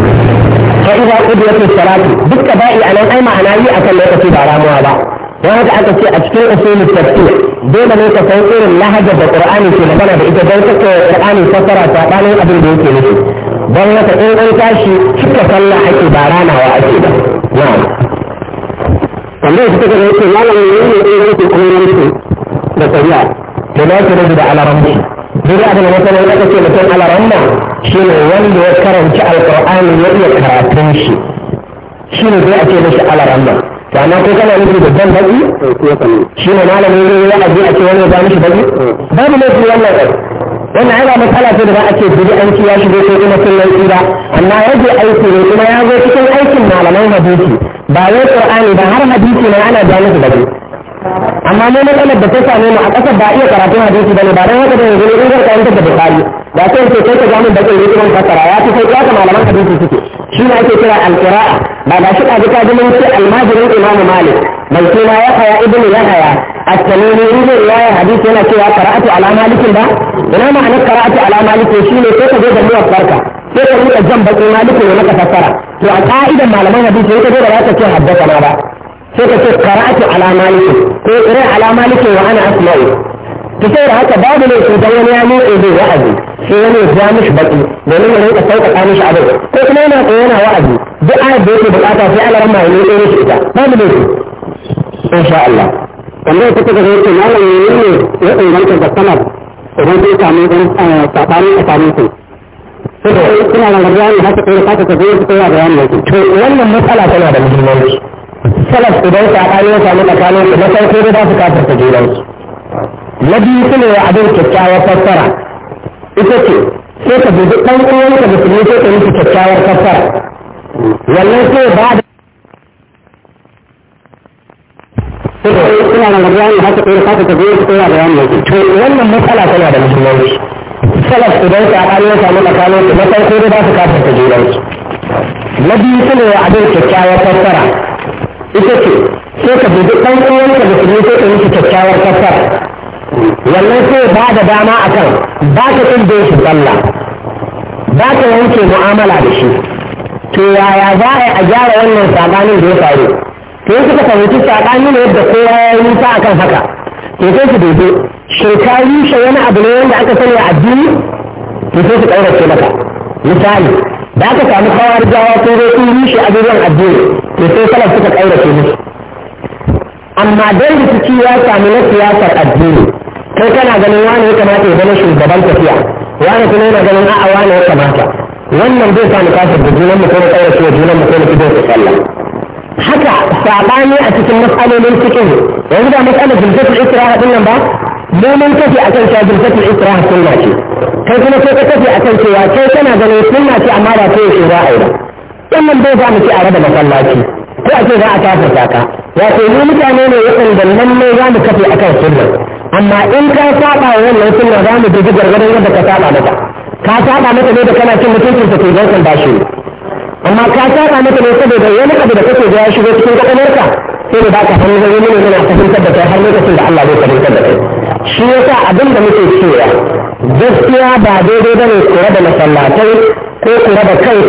فإذا قضيت الصلاة دك باقي أنا أي معنى لي أكل لك في دارام وعلا وهذا أكل في أكثر أصول التفسير دون أن تفسير اللهجة القرآن نعم. في مكانة إذا جلتك القرآن فترة فأنا أبن بيك لك بل إن أنت شيء شك صلى حكي دارام وأكيدا نعم tambayar ta gaba لا malamin ne ne ingancin amuranci da to na ke da alaramci duk abin da mutane ya kace mutum alaramma shi ne wanda ya karanci alkur'ani ya iya karatun shi shi ne zai ake mishi alaramma to amma ko kana nufi da dan baki shi ne malamin ne ya aje a ce wani ya mishi baki babu laifi wannan ɗan wannan ana matsala ce da za a ce bid'anci ya shigo ko kuma sun yi ba amma rage aiki ne kuma ya zo cikin aikin malaman hadisi ba wai qur'ani ba har hadisi ne ana da musu baki amma ne matsalar da ta same mu a kasar ba iya karatun hadisi bane ba dan haka da yanzu in zan karantar da bukari da sai ce kai ka ga mun bakin yake mun fasara ya fi sai ka malaman hadisi suke shi ne ake kira alqira'a ba da shi kaji kaji mun ce almajirin imamu malik bai ce ma ya haya ibn ya haya at-tanani in riwaya hadisi yana cewa qara'atu ala malikin ba ina ma'anar qara'atu ala malikin shine sai ka zo da muwar farka sai ka rika jan bakin malikin ne maka fassara to a ka'idan malaman hadisi ne ka zo da za ka ce haddasa ba sai ka ce qara'atu ala maliki ko ira ala maliki wa ana asma'u to sai haka babu ne su dan wani ya miƙe zai wa'azi sai wani ya mishi baki domin ya rinka sauƙaƙa mishi abin ko kuma yana ko yana wa'azi duk ayat da yake bukata sai Allah ramma ya miƙe mishi ita babu ne insha Allah wannan ta kaga yake malam ne ne ya inganta da sanar idan kun samu dan sabani a samu ku sai kuna da bayani haka kai ka ka zo ka bayani to wannan matsala tana da muhimmanci salaf idan saɓani ya sami tsakanin su na farko da za su kafarta junansu na biyu su ne abin kyakkyawar fassara ita ce sai ka dubi ɗan uwanka musulmi sai ka yi kyakkyawar fassara wannan sai ba da suna da bayani haka ɗaya haka ta goyi suna da bayani yake to wannan matsala tana da musulunci salaf idan ka ƙaro samu tsakanin su na farko da za su kafa ta juna na biyu su ne abin kyakkyawar fassara ita ce sai ka dubi ɗan uwanka musulmi sai ka yi kyakkyawar kasar wannan sai ba da dama akan ba ka tunda shi ba ka yanke mu'amala da shi to yaya za a yi a gyara wannan sabanin da ya faru to yanzu ka fahimci sabani ne yadda kowa ya yi nisa akan haka to sai su dubi shekaru shi wani abu ne wanda aka sani a addini to sai su ƙaurace maka misali da aka samu kawar jawa sun zo sun rushe abubuwan addini to sai salaf suka ƙaurace musu amma don rikici ya samu na siyasar addini kai kana ganin wani ya kamata ya zama shugaban tafiya wani kuma yana ganin a'a wani ya kamata wannan zai sami kasar da junan mu ko na ƙaurace wa junan mu ko na fito da sallah haka saɓani a cikin matsalolin cikin yanzu da matsalar jimtatul isra'a din nan ba mu mun kafi akan cewa jimtatul isra'a sunna ce kai kuma sai ka kafi kan cewa kai kana ganin sunna ce amma ba ta yi ba a yi ba wannan bai za mu ci a raba masallaci ko a ce za a tafi saka wato ni mutane ne waɗanda nan ne za mu kafe akan sunna amma in ka saba wa wannan sunna za mu dubi gargadon yadda ka saba mata ka saba mata ne da kana cin mutuncin ta ke zaukan bashi amma ka saba mata ne saboda wani abu da kake da ya shigo cikin kwakwalwarka sai da baka hanyoyi ne yana fahimtar da kai har lokacin da Allah zai fahimtar da kai shi yasa abin da muke cewa gaskiya ba daidai ba ne kura da masallatai ko kura da kai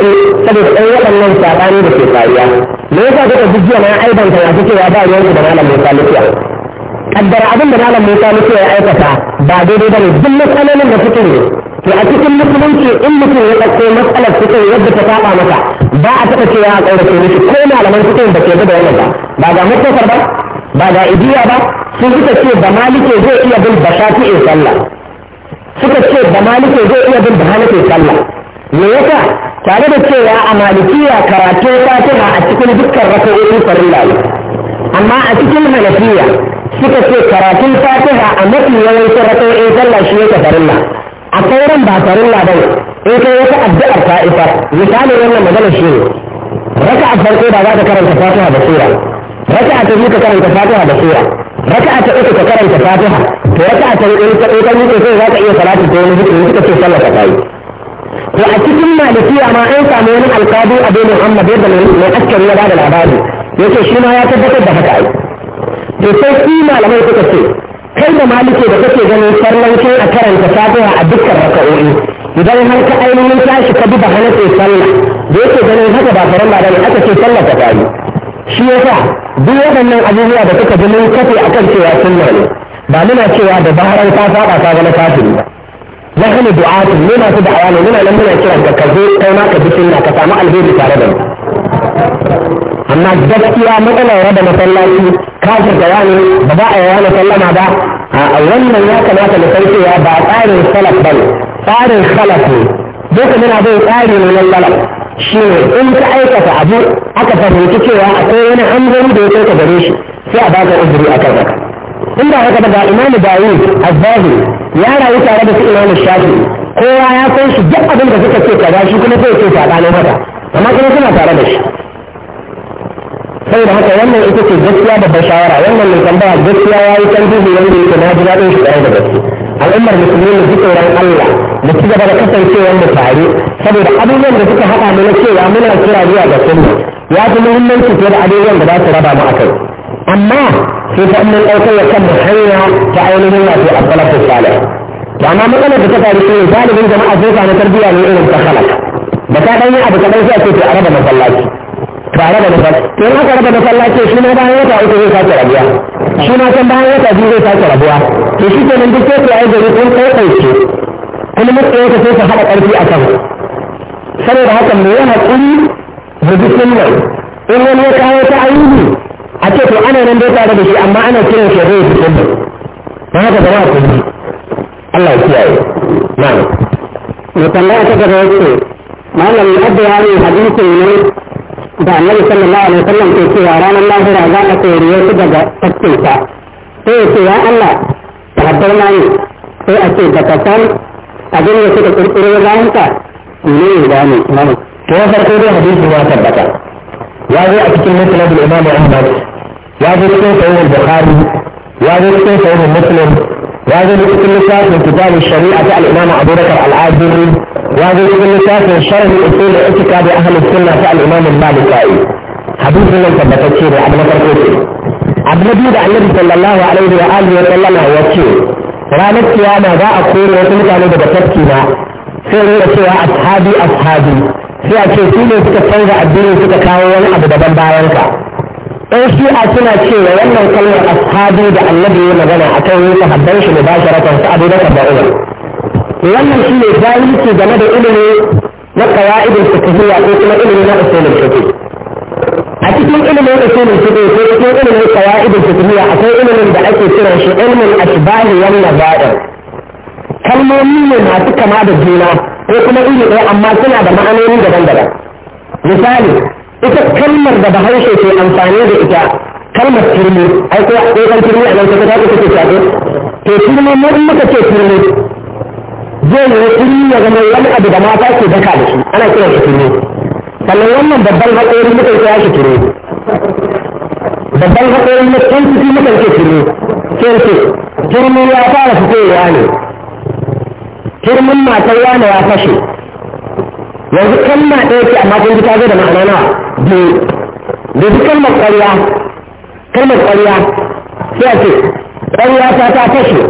saboda ɗan waɗannan saɓani da ke faruwa me yasa kuka ji jiya na aibanta ya cewa ba ruwanku da malam mai salafiya kaddara abin da malam Musa muke ya aikata ba daidai bane duk matsalolin da suke ne to a cikin musulunci in mutum ya ɗauko matsalar suke yadda ta saba masa ba a taɓa cewa a ƙaurace mishi ko malaman suke da ke da wannan ba ba ga mutasar ba ba ga idiya ba sun suka ce da malike zai iya bin da in sallah suka ce da malike zai iya bin da hanafi sallah me yasa tare da cewa a malikiya karatu fatiha a cikin dukkan raka'o'in farilla ne amma a cikin hanafiya suka ce karatun fatiha a mafi yawancin in sallah shi yake farilla a sauran ba farilla ba in kai wata addu'ar ta misali wannan magana shi ne raka a farko da za ka karanta fatiha da sura raka a ta ka karanta fatiha da sura raka a ta uku ka karanta fatiha to raka a ta in ka yi sai za ka iya salatu ta wani hukumi suka ce sallah ka to a cikin malikiya ma an samu wani a abu muhammad yadda mai askari ya bada labari yace shi ma ya tabbatar da haka ai to sai malamai suka ce kai da malike da kake ganin sarlanci a karanta fatiha a dukkan raka'o'i idan har ka ainihin tashi ka duba ke sallah da yake ganin haka ba faran ba ne aka ce sallah ta tayi shi yasa duk waɗannan abubuwa da kuka ji mun kafe akan cewa sun ne ba muna cewa da baharan ka faɗa ka zama kafiri ba لكن دعاء لما تدعوانا لما لما يكرهك كذور كما كذور لك فما ألبي بك ربنا أما جدت يا مغلى ربنا صلى الله عليه كاجر جواني بداء يوانا صلى الله عليه أولا من ياك ناك لسلك يا با تاري الخلق بل تاري الخلق دوك من أبو تاري من الله شيء انت ايك فعبو اكثر من كتير اكثر من عمزم دوك تدريش في عبادة اجري اكثر in ba haka ba ga imam dawud azzahi ya rayu tare da su imam shafi kowa ya san shi duk abin da suka ce kaza shi kuma sai ce sabanin haka amma kuma suna tare da shi saboda haka wannan ita ce gaskiya babbar shawara wannan mai tambaya gaskiya ya yi tantihi wanda yake na ji daɗin shi tare da gaske al'ummar musulmi mu ji tsoron Allah mu ci gaba da kasancewar mu tare saboda abubuwan da suka haɗa mu na cewa muna kira zuwa ga sunna ya fi muhimmanci fiye da abubuwan da za su raba mu a kai amma sai ta mun ɗaukar da kan hanya ta ainihin wato a salafin salih to amma matsalar da ta faru shi ne galibin jama'a sai ka na tarbiyya ne irin ta halal da ta ɗan yi abu kaɗan sai a ce to a raba masallaci to a raba masallaci to in aka raba masallaci shi ma bayan wata uku zai sake rabuwa shi ma can bayan wata biyu zai sake rabuwa to shi ke nan duk sai ku yi gari kun kai ɗauke kuma mutane ka sai ka haɗa ƙarfi a kan saboda haka me yana ƙuri da duk in wani ya kawo ta ayyuki a ce to ana nan dai tare da shi amma ana kiran shi zai fitar da ba haka zama ku ji Allah ya kiyaye na mu tambaya ta gaba yake malam abdu ya ne hadisi ne da annabi sallallahu alaihi wasallam ke cewa ranar lahira za a tsoriye su daga tsakinsa sai ya ce ya Allah tahaddar na ne sai a ce da kasan abin da suka kirkiro bayan ka ne ya gane to farko dai hadisi ya tabbata ya zo a cikin musnad imam ahmad ya zo cikin sahih bukhari ya zo cikin sahih muslim ya zo cikin littafin kitab shari'a ta al-imam abu bakr al-ajuri ya zo cikin littafin sharh usul al-i'tiqad ahli sunna ta al-imam al-malikai hadisin nan tabbatacce da abu na farko ce abu na biyu da annabi sallallahu alaihi wa alihi wa sallama ya ce ranar kiyama za a kore wasu mutane daga tafki na sai ne da cewa ashabi ashabi sai a ce su ne suka canza addini suka kawo wani abu daban bayan ka ɗan shi'a suna cewa wannan kalmar ashabi da annabi ya magana a kan yin sahabban shi mubasharatan su abu da da umar wannan shi ne zalunci game da ilimi na qawaidul fiqhiyya ko kuma ilimi na usulul fiqh a cikin ilimin usulul fiqh ko cikin ilimin qawaidul fiqhiyya akwai ilimin da ake kiran shi ilmin ashbahi wal nazair kalmomi ne masu kama da juna ko kuma iri ɗaya amma suna da ma'anoni daban-daban misali ita kalmar da bahaushe ke amfani da ita kalmar turmi ai ko ko kan turmi a nan ka ta ce ta ce to turmi mu in muka ce turmi zai yi turmi ya zama wani abu da mata ke daka da shi ana kiran shi turmi sannan wannan babban haƙorin muka kira shi turmi babban haƙorin na kan ciki muka ce turmi sai ce turmi ya fara fitowa ne turmin matar yana ya fashe yanzu kalma ɗaya ce amma kun ji ta zo da ma'ana nawa biyu da duk kalmar ƙarya kalmar ƙwarya sai a ce ƙarya ta ta fashe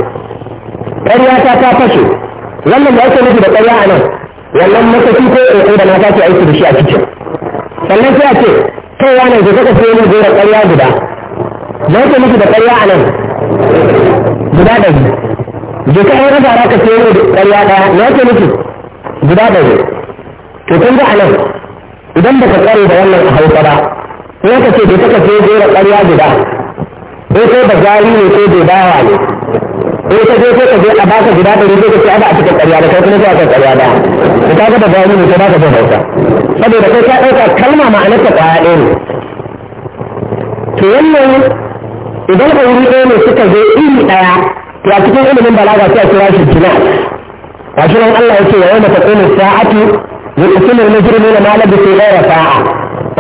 ƙwarya ta ta fashe wannan da ake nufi da ƙwarya a nan wannan makafi ko ɗaya da mata ke aiki da shi a cikin sannan sai a ce kai ya nan zai kasa yana zai da ƙwarya guda da yake nufi da ƙarya a nan guda da biyu je ka yi raba ka ce yau da ƙarya ɗaya na ce miki guda da ne to kun ga anan idan ba ka tsare da wannan a hausa ba in ka ce bai saka ce jera ƙarya guda eh, ko kai ba jari ne ko bai bawa ne ko ka je ko ka je a baka guda ɗari ko ka ce ana a cikin ƙarya da kai kuma sai a kan ƙarya ɗaya ka ta ga ba jari ne ko ba eh, ka son hausa saboda kai ka ɗauka kalma ma'anarta ƙwaya ɗaya ne to wannan idan ɗauri ɗaya ne suka zo iri ɗaya to a cikin ilimin balaga sai a kira shi kina a shi nan Allah ya ce wa yau mata kuma sa'atu yuqsimu al na ma labisa ghayra sa'a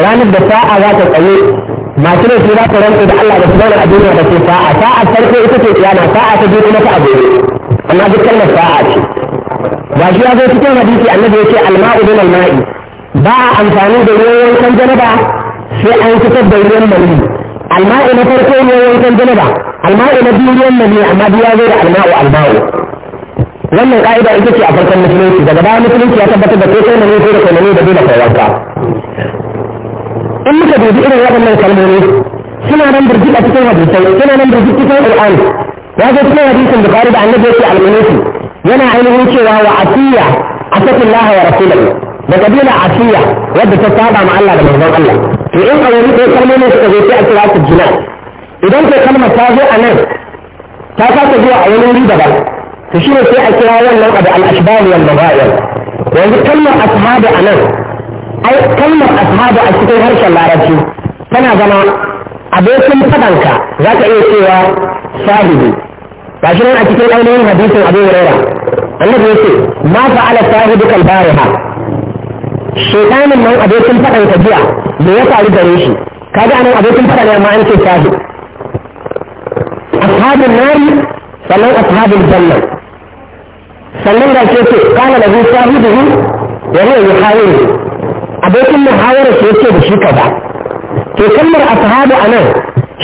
ranar da sa'a za ta tsaye masu ne su za ta rantsa da Allah da su zauna a duniya da ce sa'a sa'a farko ita ce kiyama sa'a ta je kuma ta abu amma duk kalmar sa'a ce ga shi ya zo cikin hadisi annabi ya ce al-ma'u min al ba a amfani da ruwan wankan janaba sai an fitar da ruwan maniyyi alma'u na farko ne wankan janaba alma'u na biyu ruwan ne amma duk ya zo da alma'u wannan ka'ida ita ce a farkon musulunci daga baya musulunci ya tabbatar da ko kai ne ko da kai ne da dole kai wanka in muka dubi irin waɗannan kalmomi suna nan birjik a cikin hadisai suna nan birjik cikin qur'an ya zo cikin hadisin da annabi yake almunisi yana ainihin cewa wa asiya asatillah wa rasulahu da kabila asiya wadda ta saba ma Allah da manzon Allah to in a wani ɗaya kalmomin suka zo sai a kira su jina idan kai kalma ta zo a nan ta kasa zuwa a wani wuri daban to shi ne sai a kira wannan abu al-ashbali wal mabayan yanzu kalmar ashabu a nan ai kalmar ashabu a cikin harshen larabci tana zama abokin fadanka za ka iya cewa sahibi ba shi nan a cikin ainihin hadisin abu huraira annabi ya ce ma fa'ala sahibuka al-bariha shaytanin nan abokin fadanka jiya me ya faru gare shi kaga anan abokin fada ne amma an ce sahi ashabin nari sannan ashabin janna sannan da ke ce kana lahu sahibihi wa huwa yuhawiru abokin muhawara shi yake da shi kaza to kalmar ashabu anan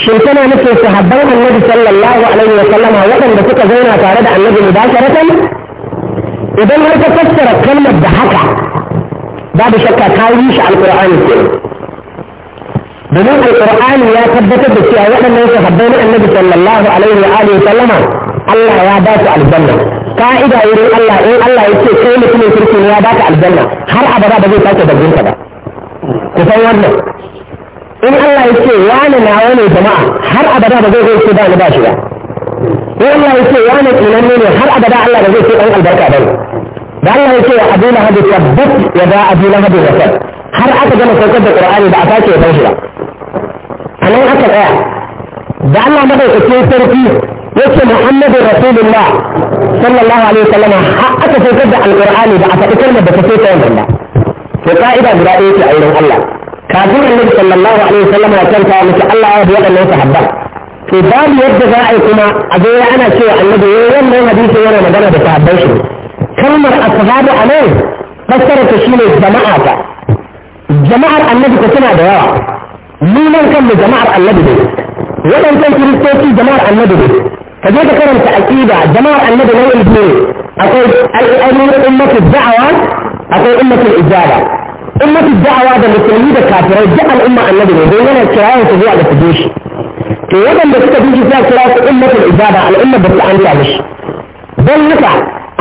shin tana nufin sahabban annabi sallallahu alaihi wa sallama waɗanda suka zauna tare da annabi mubasharatan idan har ka fassara kalmar da haka babu shakka ka yi shi alqur'ani kenan بدون القرآن يا ثبت بشيء وحنا نوصي حبينا النبي صلى الله عليه وآله وسلم الله يا بات على الجنة قائد يقول الله إيه الله يسوي كل من يسوي يا بات على الجنة هل عبدا بدي تأتي بالجنة ده تفهمنا إن الله يا يسوي وانا نعوني جماعة هل عبدا بدي يقول سبا نباشي ده إن الله يسوي وانا تنميني هل عبدا الله بدي يسوي أن البركة بي ده الله يسوي أبي لهدي ثبت يدا أبي لهدي غفر هل عبدا بدي يقول القرآن يا يبنجي ده أنا أنا أنا أنا أنا أنا أنا أنا أنا أنا أنا الله أنا أنا أنا أنا أنا أنا أنا أنا أنا أنا أنا أنا أنا أنا أنا أنا أنا الله أنا النبي صلى الله عليه وسلم أنا أنا الله أنا أنا أنا أنا أنا أنا في باب يد ذاعي كما أقول أنا شيء الذي يوم ما نبيه يوم ما دنا بتعبش كلمة أصحاب عليه بس ترى تشيل الجماعة جماعة النبي كتنا دواء mu nan kan mu jama'ar annabi ne waɗancan kiristoci jama'ar annabi ne ka je ka karanta aqida jama'ar annabi na yanzu ne akwai ainihin ummatu da'awa akwai ummatu ijaba ummatu da'awa da musulmi da kafirai duk al'umma annabi ne don yana kirayen su zuwa da su shi to waɗanda suka bi shi za kira su ummatu ijaba al'umma da su an ta mishi don haka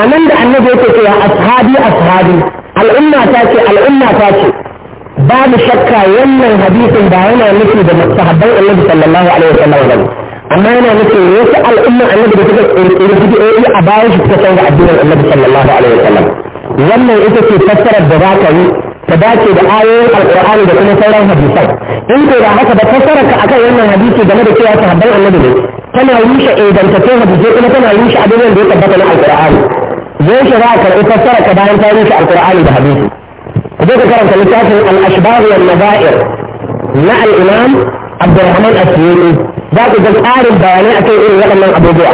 a nan da annabi yake cewa ashabi ashabi al'umma ta ce al'umma ta ce babu shakka wannan hadisin ba yana nufi da sahabban annabi sallallahu alaihi wasallam ba amma yana nufi wasu al'umma annabi da suka kirkiri bid'o'i a bayan shi suka canza addinin annabi sallallahu alaihi wasallam wannan ita ce fassarar da za ka yi ta dace da ayoyin alqur'ani da kuma sauran hadisan in ko da haka ba fassarar ka akan wannan hadisi game da cewa sahabban annabi ne tana rushe ingantaccen hadisi kuma tana rushe abubuwan da ya tabbata na alqur'ani zai shi za ka karɓi fassarar ka bayan ta rushe alqur'ani da hadisi وده ذكرت لكتاب الأشباه والنظائر مع الإمام عبد الرحمن السيوطي ذاك ده عارف بياني أكيد إيه من أبو جوع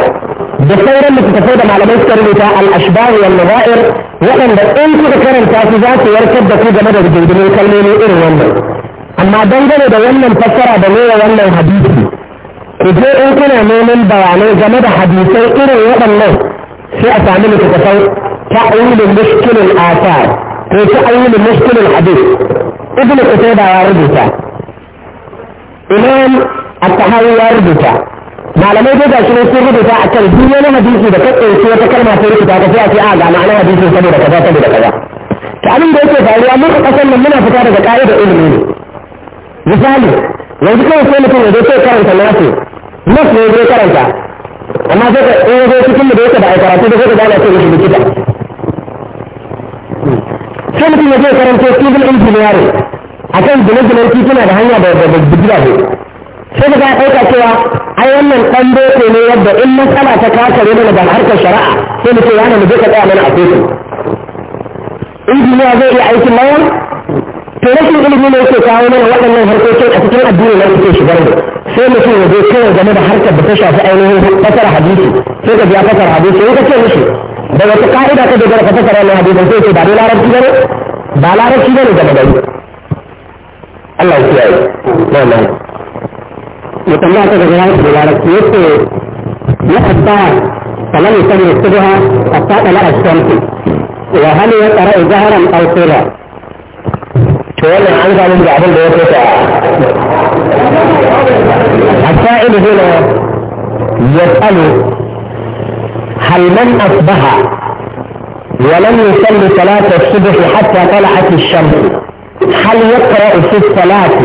بصورة متتفادى معلومات كرمتا الأشباه والنظائر وأن أنت كرمتا في ذات يركب في جمد الجود من كلمين إيه وانا أما دنجل ده وانا مفسر بنيه وانا حديثي كده أنت نعمل بياني جمد حديثي إيه وانا في أسامي تتفيد تأويل مشكل الآثار to shi ayyul mushkilul hadith ibnu qutayba ya rubuta imam at-tahawi ya rubuta malamai dai gashi ne sun rubuta akan duk wani hadisi da ka tsinci wata kalma ta rubuta ka sai a ce a ga ma'anar hadisin saboda kaza saboda kaza to abin da yake faruwa mun kasan nan muna fita daga ka'idar ilimi ne misali yanzu kawai sai mutum ya zo sai karanta nasu nasu ne zai karanta amma sai ka in zo cikin da yake da aikaratu da sai ka gane sai ya shi likita sai mutum ya je karanto civil engineering akan gine-ginen tituna da hanya da gidaje sai ka ɗauka cewa ai wannan ɗan boko ne yadda in matsala ta kasare mana da harkar shari'a sai mu ce yana mu je ka tsaya mana a kotu injiniya zai iya aikin lawan to rashin ilimi ne yake kawo mana waɗannan harkokin a cikin addini na yake shigar da sai mutum ya je kawai game da harkar da ta shafi ainihin fasar hadisi sai ka biya fasar hadisi sai ka ce mishi da wata ka'ida ta dogara ka fasara wannan hadisin sai ce ba dai larabci bane ba larabci bane da magani Allah ya kiyaye wannan ya tambaya ta daga yayin da larabci yace ya abba فلم يكن يكتبها حتى طلع الشمس وهل يقرأ جهرا أو سرا wannan an samu da abin da ya fita a sa'idu hula ya tsalo هل من أصبح ولم يصلي صلاة الصبح حتى طلعت الشمس هل يقرأ في الصلاة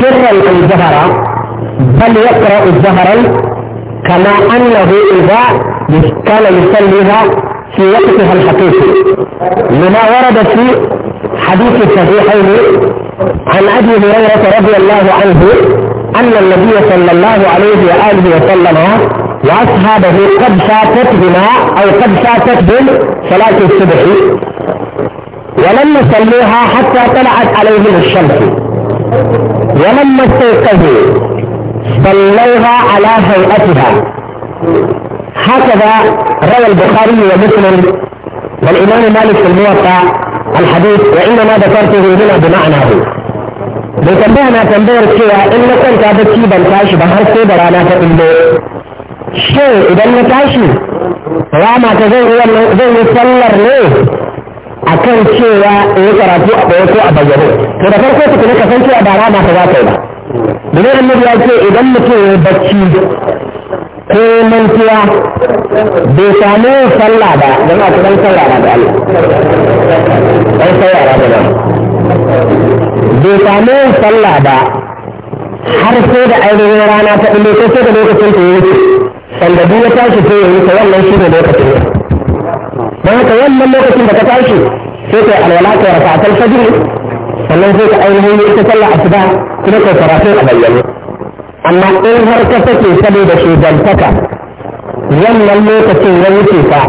سرا أم ظهرا بل يقرأ ظهرا كما أنه إذا كان يصليها في وقتها الحقيقي لما ورد في حديث الصحيحين عن أبي هريرة رضي الله عنه أن النبي صلى الله عليه وآله وسلم وأصحابه قد فاتتهما أو قد فاتتهم صلاة الصبح ولم يصلوها حتى طلعت عليهم الشمس ولما استيقظوا صلوها على هيئتها هكذا روى البخاري ومسلم والإمام مالك في الموقع الحديث وإنما ذكرته هنا بمعناه bai tambaya na tambayar cewa in na kwanta bacci ban tashi ba shin idan na tashi rama ta zan yi sallar ne a kan cewa in yi karatu a ɓoye ko a bayyane to da farko su kuma kasance cewa ba rama ta za ta yi ba domin annabi ya ce idan mutum ya bacci ko mantuwa bai samu sallah ba don a kudan sallah ba da Allah ɗan sallah ba da bai samu sallah ba har sai da ainihin rana ta ɗume ko sai da lokacin ta yi wanda ya tashi sai yi ta wannan shi ne lokacin ne don haka wannan lokacin da ka tashi sai ka yi alwala ka rasa atal fajr sannan sai ka ainihin yi ta sallah asuba kuma ka karatun a bayyane amma in har ka sake saboda shugantaka wannan lokacin ya wuce ka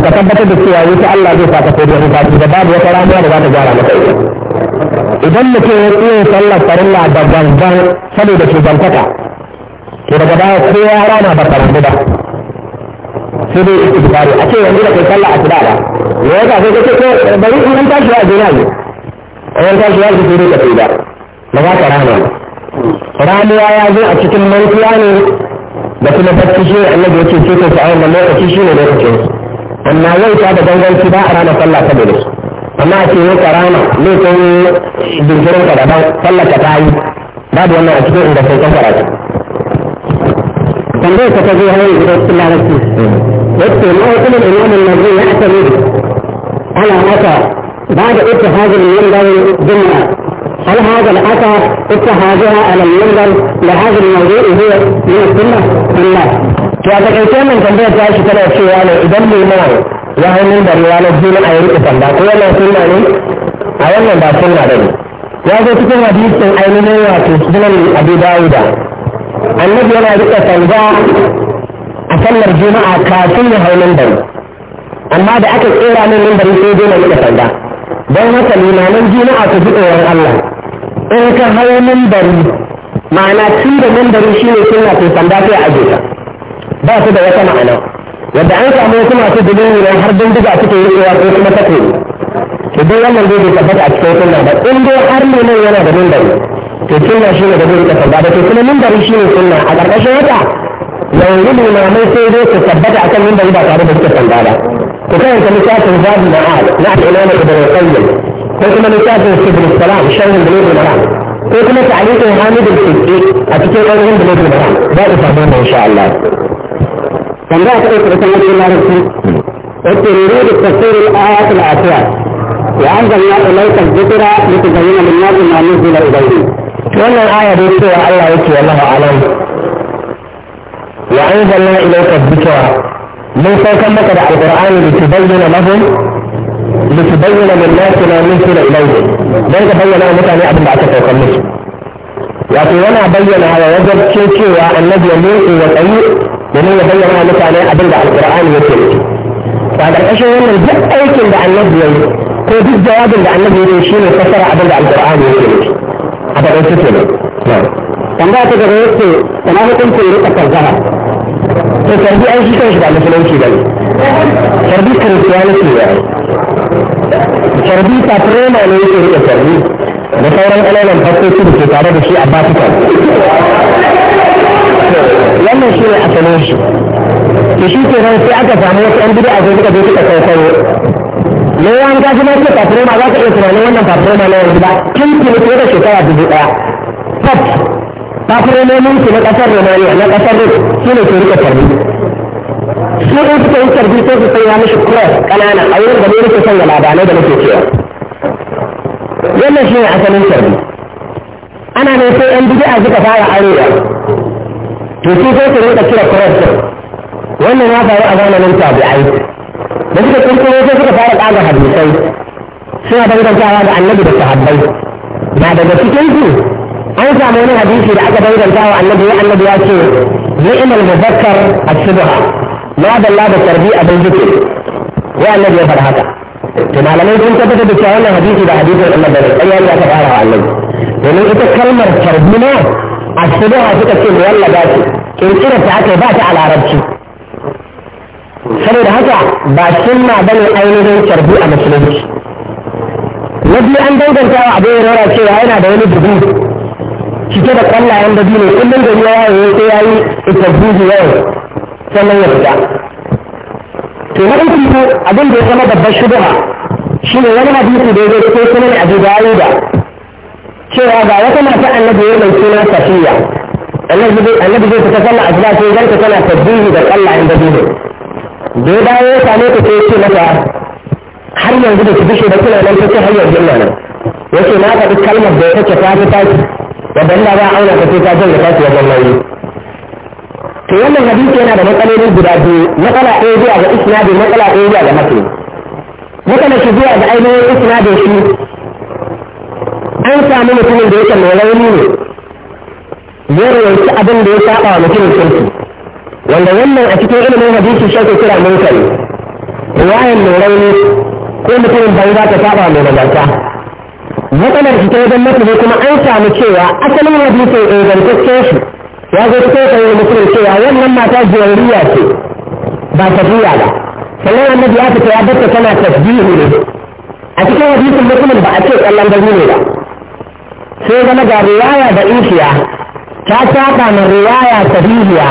ka tabbatar da cewa wuce Allah zai saka sai da hukaci da babu wata rana da za ta gyara maka ita idan mutum ya iya sallar farilla da gangan saboda shugantaka to daga baya kowa rana ba karatu ba sai dai istighfari a ce yanzu da kai sallah a asuba ba ya yasa sai kace ko bari in an tashi a jina ne an tashi ya ji da kai ba ba za ka rana ramuwa ya zo a cikin mantuwa ne da kuma bacci shi annabi yake ce ko sa'an da lokaci shi ne lokacin amma yau ta da ganganci ba a rana sallah saboda su amma a ce yau ka ne laifin jinkirin ka da sallah ka ta yi babu wannan a cikin inda sai kan karatu كان ليس تبيه هذه بداية الله عليه وسلم يكتب قول الإمام النووي يعتمد على أثر بعد اتخاذ المنبر ضمن هل هذا الأثر اتخاذها على المنبر لهذا الموضوع هو من السنة أم لا؟ to a takaice nan tambayar ta shi tana cewa ne idan limar ya hau mimbar ranar jini a yanki sanda ko wannan sunna ne a wannan ba sunna ba ne ya zo cikin hadisin ainihin wato sunan abu dawuda annabi yana rika sanda a sallar juma'a kafin ya hau mimbari amma da aka tsira min mimbari sai dai na rika sanda don haka limanan juma'a su ji tsoron Allah in ka hau mimbari ma'ana tun da mimbari shi ne suna to sanda sai a aje ba su da wata ma'ana yadda an samu wasu masu dubin ne har bindiga suke rikewa ko kuma takobi to duk wannan zai bai tabbata a cikin sunna ba in dai har ne yana da mimbari to sunna shi ne da zai tafi ba da to kuma mimbari shi ne sunna a ƙarƙashin haka yanzu limamai sai dai su tabbata akan mimbari ba tare da suka sanda ba ku karanta littafin zabi na al na al'imama ibrahim qayyim ko kuma littafin sibir salam sharhin bulugul maram ko kuma ta'aliqin hamidul fiqi a cikin ainihin bulugul maram za ku samu wannan insha Allah tambaya ta ɗauka ta wajen larabci wacce ne da tafsirin ayatul asiya وأنزلنا إليك الذكر لتبين للناس ما نزل إليهم wannan aya dai cewa Allah yake wallahu alam wa anzalna ilayka dhikra mun saukar maka da alqur'ani da tubayyana lahum da tubayyana lin nasi ma nusila ilayhi dan ka bayyana wa mutane abin da aka saukar musu wato yana bayyana wa wajabce cewa annabi ya mutsu wa tsayi domin ya bayyana wa mutane abin da alqur'ani yake nufi ba ƙarƙashin wannan duk aikin da annabi ya yi ko duk jawabin da annabi ya yi shine fasara abin da alqur'ani yake nufi a da ɗauki kenan tambaya ta gaba yake ina hukuncin rika karzana to sarbi an shi kanshi ba musulunci ba ne sarbi kiristiyaniki ne sarbi ta firema ne yake rika sarbi da sauran alalan fasoci da ke tare da shi a batikan لما يشيل الحسنوش يشيل كيران في عدة فهمية أن بدي أزوجك بيتك كيسوي لو أن كان في مصر تفريما غاك إسرائيلي وأن تفريما لو أن بدأ كل كيلو كيلو شكاية بيبقى فت تفريما من كيلو كسر رومانيا لا كسر رومانيا كيلو كيلو كسر بيبقى سوء بتاين تربيتو في طيام شكرا كان أنا أولا دميري كسر يلعب عنه دميري كسر لما يشيل الحسنوش أنا نسي أن بدي أزوجك على عريضة to shi sai su rinka kira cross wannan ya faru a zamanin tabi'ai da suka kirkiro sai suka fara tsaga hadisai suna dangantawa da annabi da sahabbai na daga cikin su an samu wani hadisi da aka danganta wa annabi ya annabi ya ce ni'mal muzakkar as-subha ma dalla da tarbi a zikiri ya annabi ya faɗa haka to malamai sun tabbatar da cewa wannan hadisi da hadisin annabi ne sai ya ta fara wa annabi domin ita kalmar tarbi ma a shidawa suka ce mu wallaga ce kirkirar ta aka ba ta a larabci saboda haka ba sunna ba ne ainihin carbi a musulunci na biyu an danganta wa abin rora cewa yana da wani dubu cike da kwallayen da biyu kullum da ya yaye sai ya yi itabuzi yau sannan ya fita to na uku abin da ya zama babbar shubuha shine wani hadisi da ya zo cikin sunan abu da cewa ga wata mata annabi ya mai suna safiya annabi zai fita sallah a gida sai zanta tana tabbihi da sallah inda dole da ya dawo ya same ta sai ce mata har yanzu da ki bishe da kina nan sai har yanzu ina nan yace na faɗi kalmar da take ta fi tashi wanda Allah ba auna ta sai ta jin da tashi wajen nauyi to wannan hadisi yana da matsaloli guda biyu matsala ɗaya zuwa ga isnadin matsala ɗaya zuwa ga matsayi matsala shi zuwa ga ainihin isnadin shi an samu mutumin da yake mai rauni ne ya rawanci abin da ya saba wa mutumin kirki wanda wannan a cikin ilimin hadisi shi ake kira munkari riwayan mai rauni ko mutumin banza ta saba mai nagarta matsalar shi ta wajen mafi kuma an samu cewa asalin hadisin ingantaccen shi ya zo cikin sayin mutumin cewa wannan mata jiyariya ce ba tafiya ba sannan annabi ya fita ya bata tana tasbihu ne a cikin hadisin mutumin ba a ce kallon gari ne ba sai zama ga riwaya da isiya ta saba na riwaya sahihiya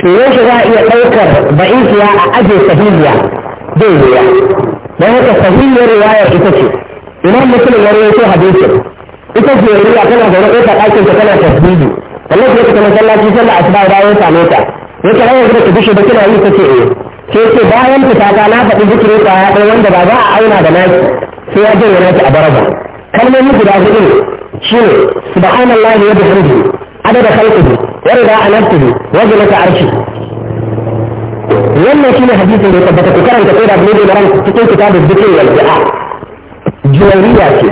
to yaushe za a iya ɗaukar ba isiya a aje sahihiya zai wuya don haka sahihiyar riwaya ita ce imam muslim ya rawaito hadisin ita ce riwaya kana da wani ɗaukar ɗakin ta kana tasbihi wallahi sai ka masallaci sallah asuba ya same ta yake rawar da ki bishe da kina yi ta ce eh sai ce bayan fita ta na faɗi zikiri kwaya ɗaya wanda ba za a auna da naki sai ya jin yana a baraba kalmomi guda hudu shi ne subhanallahi wa bihamdihi adada khalqihi wa rida anabtihi wa zinata arshihi wannan shine hadisin da tabbata ku karanta ko da bude da ranku cikin kitabul dhikr wal du'a juwariya ce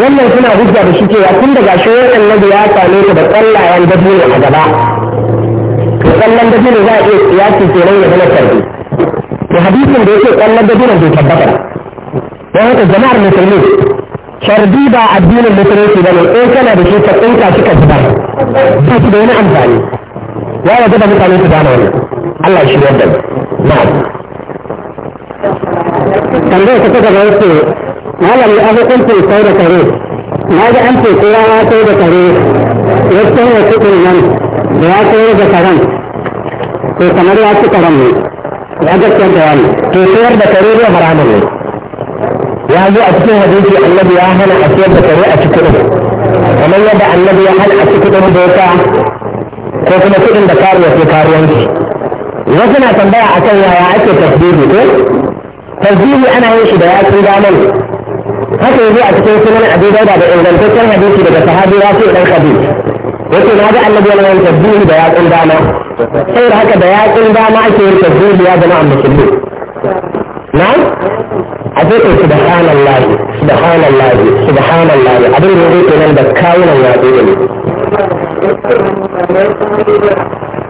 wannan suna hujja da shi cewa tun daga shi wannan ya same ku da tsallayen dabino a gaba to tsallan dabino za a iya kiyasi kenan ya zama sarki to hadisin da yake tsallan dabino bai tabbata don haka jama'ar musulmi sharbi ba addinin musulunci ba ne in kana da shi ka tsinka shi ka zubar ba shi da wani amfani ya waje da mutane su gane wannan Allah shi yadda na'am tambayar ta gaba yake malami a hukuncin sai da kare na ga an ce kowa ya sai da kare ya sai da kuɗin nan da ya sayar da karen to kamar ya ci karen ne ya gaskiyar da wani to sayar da kare zai haramun ne يا ابو اتكن هديتي النبي يا هنا اتيت بطريقة كده ومن يدع النبي يا هنا اتكن كده بوكا كوكما كده بكاريا في كاريا انتي وزنا تنبيع اكن يا عاكي تسبيبي كو تسبيبي انا ايش بيع اتكن دامن هكا يبيع اتكن سنن ابي دودا بإنزل تسن هديتي بدا صحابي راسي ان خبيب لكن هذا النبي يا هنا تسبيبي بيع اتكن دامن سير هكا بيع اتكن دامن عاكي تسبيبي يا دمع مسبيبي نعم أبيت سبحان الله سبحان الله سبحان الله أبيت يريد أن بكاون يا دين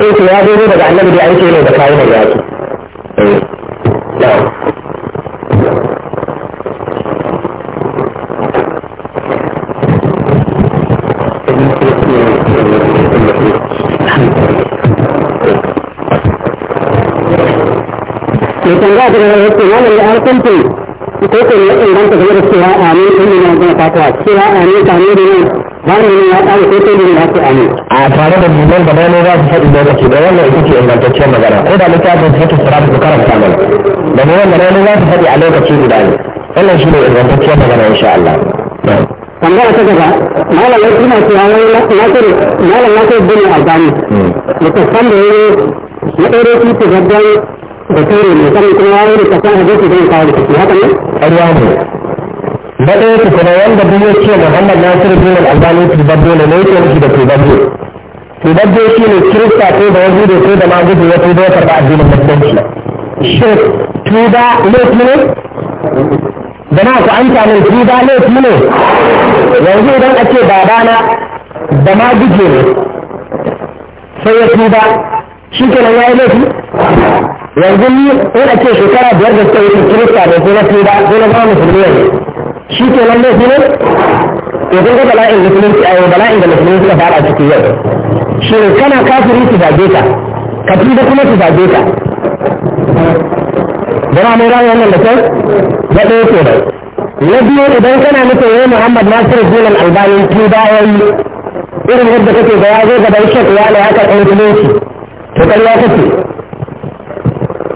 أنت يا دين بدأ النبي أنت يريد بكاون يا دين نعم وتنغادر على الاحتمال اللي أنا كنت يقول إن لم تغير السواء آمين كل ما يكون فاتوات سواء آمين تعمير من bani ne ya ƙara ko kai ne ku amin a tare da mutum da bayan za su faɗi da kake da wannan ita ce ingantacciyar magana ko da littafin su fito sura ku karanta mana da ne wannan ne za su faɗi a lokaci guda ne wannan shi ne ingantacciyar magana insha Allah tambaya ta gaba malam ya tuna cewa wani nasir malam nasir bin albani da ta san da yayi na ɗaure su ta gaddan bature ne sannan kuma ya rubuta kan hadisi zai kawo da ciki haka ne ƙarya ne na ɗaya tukuna wanda duk ya ce muhammad nasiru bin al-albani ne ne yake nufi da tubabbe tubabbe shi ne kirista ko da wajen da ko da ma gudu ya tuba ya karɓa addinin musulunci shin tuba laifi ne da na ku an samu tuba laifi ne yanzu idan ake babana da ma guje ne sai ya tuba shi kenan ya yi laifi yanzu ni ina ce shekara biyar da suka wuce kirista ne ko na tuba ko na zama musulmi ne shi ke nan laifi ne to kun ga bala'in musulunci a bala'in da musulunci suka fara ciki yau shi kana kafiri su zage ka ka tuba kuma su zage ka jama mai rami wannan da kyau na ɗaya ke nan na biyu idan kana nufin yau muhammad nasiru dinan albanin tubawoyi irin yadda kake ga ya zo gaban shek wani haka ɗan zumunci to kan ya kake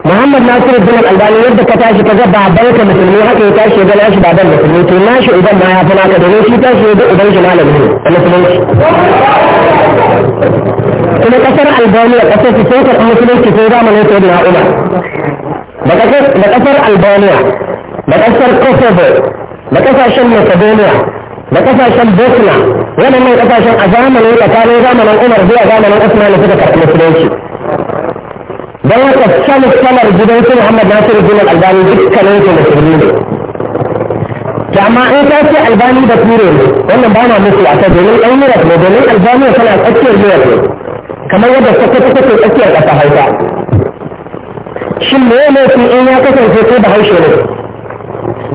محمد ناصر الدين الألباني يرد كتاشي كذا بعد بيت المسلمين حتى يتاشي إذا ناشي بعد المسلمين تناشي إذا ما يعطينا كدريش يتاشي إذا إذا يجمع لبنين المسلمين إن كسر الباني كسر في سيطة المسلمين كثيرا من يسير نائما بكسر الباني بكسر كوفو بكسر شن مكدونيا بكسر شن بوكنا ومن من كسر شن أزامن إلا كان إذا الأمر دي أزامن الأثمان لفتك المسلمين don haka samun samar gidan su Muhammad Nasiru Juma Albani dukkanin su musulmi ne. To amma in ka ce Albani da Ture ne wannan ba na musu a ta domin ɗan Europe ne domin Albaniya tana tsakiyar Europe ne kamar yadda Sokoto take tsakiyar ƙasa Hausa. Shin me ne fi in ya kasance ko da haushe ne?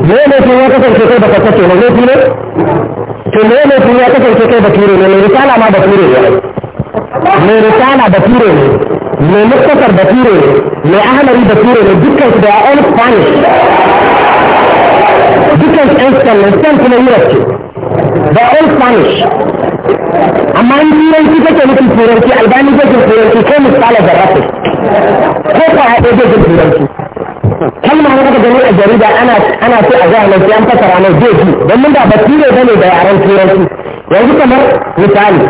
Me ne fi ya kasance ko da Sokoto ne zai ne? To me ne fi ya kasance ko da Ture ne? Mai risala ma da Ture ne. Mai risala da Ture ne. من مختصر بطيره من أهل ريب بطيره من دكا تبع أول سبانيش دكا تأسكن من سان كما يرسي با أول سبانيش أما أن يكون في فتاة لكي فورنتي ألباني جاجة فورنتي كم استعلى جراتي كيف أعطي جاجة فورنتي كم ما هذا جميع الجريدة أنا أنا في أزاه من سيام فتر عن الجيجي بمن دع بطيره بني بيعرن فورنتي يعني كمر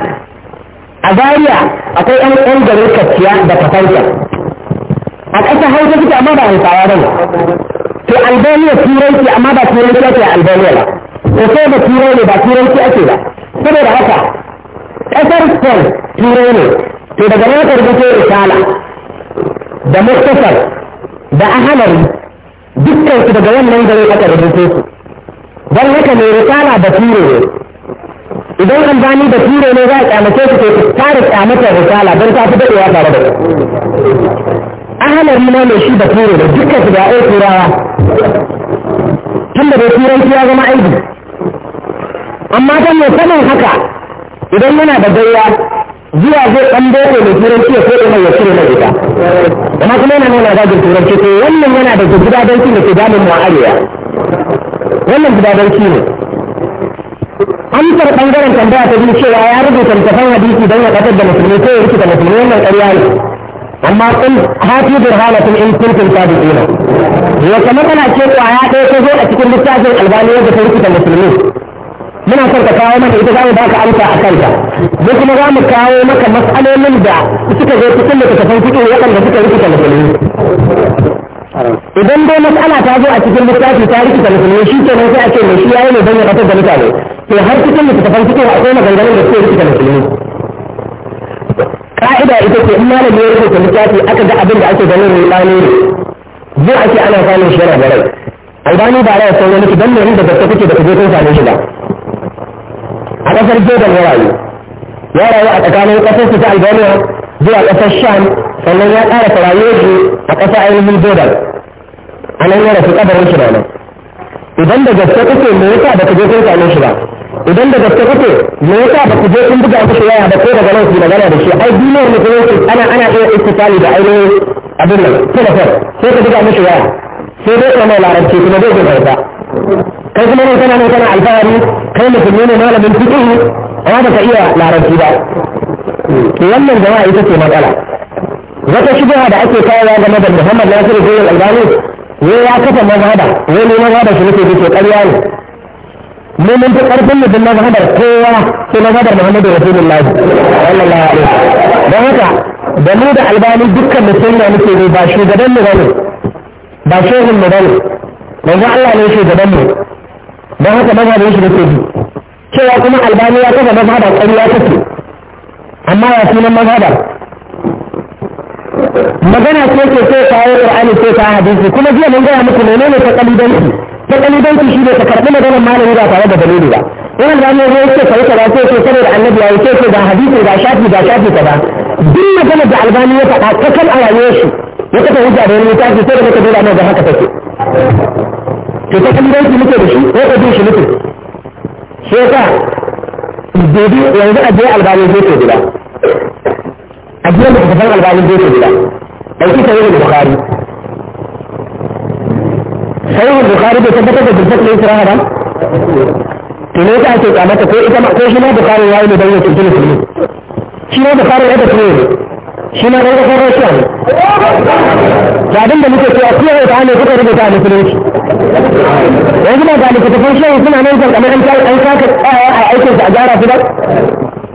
a zariya akwai yan yan garin kaciya da fatanta a ƙasar hausa suke amma ba hausawa ba ne to albaniya turanci amma ba turanci ake albaniya ba to sai da turai ne ba turanci ake ba saboda haka ƙasar spain turai ne to daga nan ka rubuto risala da mustafar da ahalari dukkan su daga wannan gari aka rubuto su don haka ne risala da turai ne idan an bani da tsire ne za a kyamace su ke tare kyamatar risala don ta fi daɗewa tare da su ahalari na mai shi da ture da duka su da ai turawa tun da turanci ya zama aiki amma don mai saman haka idan yana da gaiwa zuwa zai ɗan boko mai turanci ya ko mai ya cire na gida amma kuma yana nuna zagin turanci ko wannan yana da gidadanci da ke damun mu a arewa wannan gidadanci ne amsar bangaren tambaya ta biyu cewa ya rubuta littafan hadisi don ya kasar da musulmi ko ya rikita musulmi wannan ƙarya ne amma kun hafi burhanatun in kuntum sadiqina wata matsala ce kwaya ɗaya ta zo a cikin littafin albani yadda ta rikita musulmi muna son ka kawo mana ita za mu baka amsa a kanta mu kuma za mu kawo maka matsalolin da suka zo cikin littattafan fiƙi waɗanda suka rikita musulmi idan dai matsala ta zo a cikin littafin tarihi da musulmi shi ke nan sai a ce mai shi yayi ne don ya kasar da mutane to har cikin littattafan cikin a kai maganganun da suke cikin musulmi ka'ida ita ce in malami ya rubuta littafi aka ga abin da ake ganin rudani ne zo ake ana samun shi yana da rai albani ba rai sai wani dan ne da gaske kuke da kaje kun same shi ba a kasar jordan ya rayu ya rayu a tsakanin kasar su ta albaniya zuwa ƙasar sham sannan ya ƙara farayuwar shi a ƙasa ainihin jordan a nan ya rasu ƙabarin shi nan idan da gaske kake me yasa ba ku je kun same shi ba idan da gaske kake me yasa ba ku je kun buga musu waya ba ko daga nan ku magana da shi ai duniyar musulunci ana ana iya istifali da ainihin abin nan telefon sai ka buga musu waya sai dai kuma larabci kuma zai jin karfa kai kuma ne kana ne kana alfahari kai musulmi ne malamin fiqh amma ba ka iya larabci ba to wannan jama'a ita ce matsala wata shubha da ake kawo game da Muhammad Nasir Zainul Albani ne ya kafa mazhaba ne ne mazhaba shi nake dace ƙarya ne mu mun fi karfin mu din mazhabar kowa sai mazhabar Muhammadu Rasulullahi sallallahu alaihi wasallam don haka da mu da Albani dukkan mutum ne muke ne ba shugaban mu bane ba shehin mu bane manzo Allah ne shugaban mu don haka mazhabin shi nake cewa kuma Albani ya kafa mazhaba ƙarya take amma ya sunan mazhaba magana ce ce sai yi qur'ani sai ta hadisi kuma jiya mun gaya muku menene ta kalidanci ta kalidanci shi ne ta karɓi maganar malami ba tare da dalili ba wannan da ne zai ce kai kaza sai ce saboda annabi ya ce ce ga hadisi ga shafi ga shafi ba duk maganar da albani ya faɗa ta kan a rayuwar shi ya kafa hujja da wani littafi sai da kake dora mai ga haka take to ta kalidanci muke da shi ko ka shi muke shi yasa yanzu a je albani zai ce gida a jiya da kusan albalin gefe guda ɗauki sahihul bukhari sahihul bukhari bai tabbatar da dukkan ɗin sura haram to ne ta ake kyamata ko ko shi ma bukhari yayi ne dan ya tuntuni musulmi shi ma bukhari ya tafi ne shi ma dan kasar rashiya ne da abin da muke cewa kuma ya ta'ala kuka rubuta a musulunci yanzu ma ga littattafan shehu suna nan zan kamar an saka tsawa a aikinsa a gyara su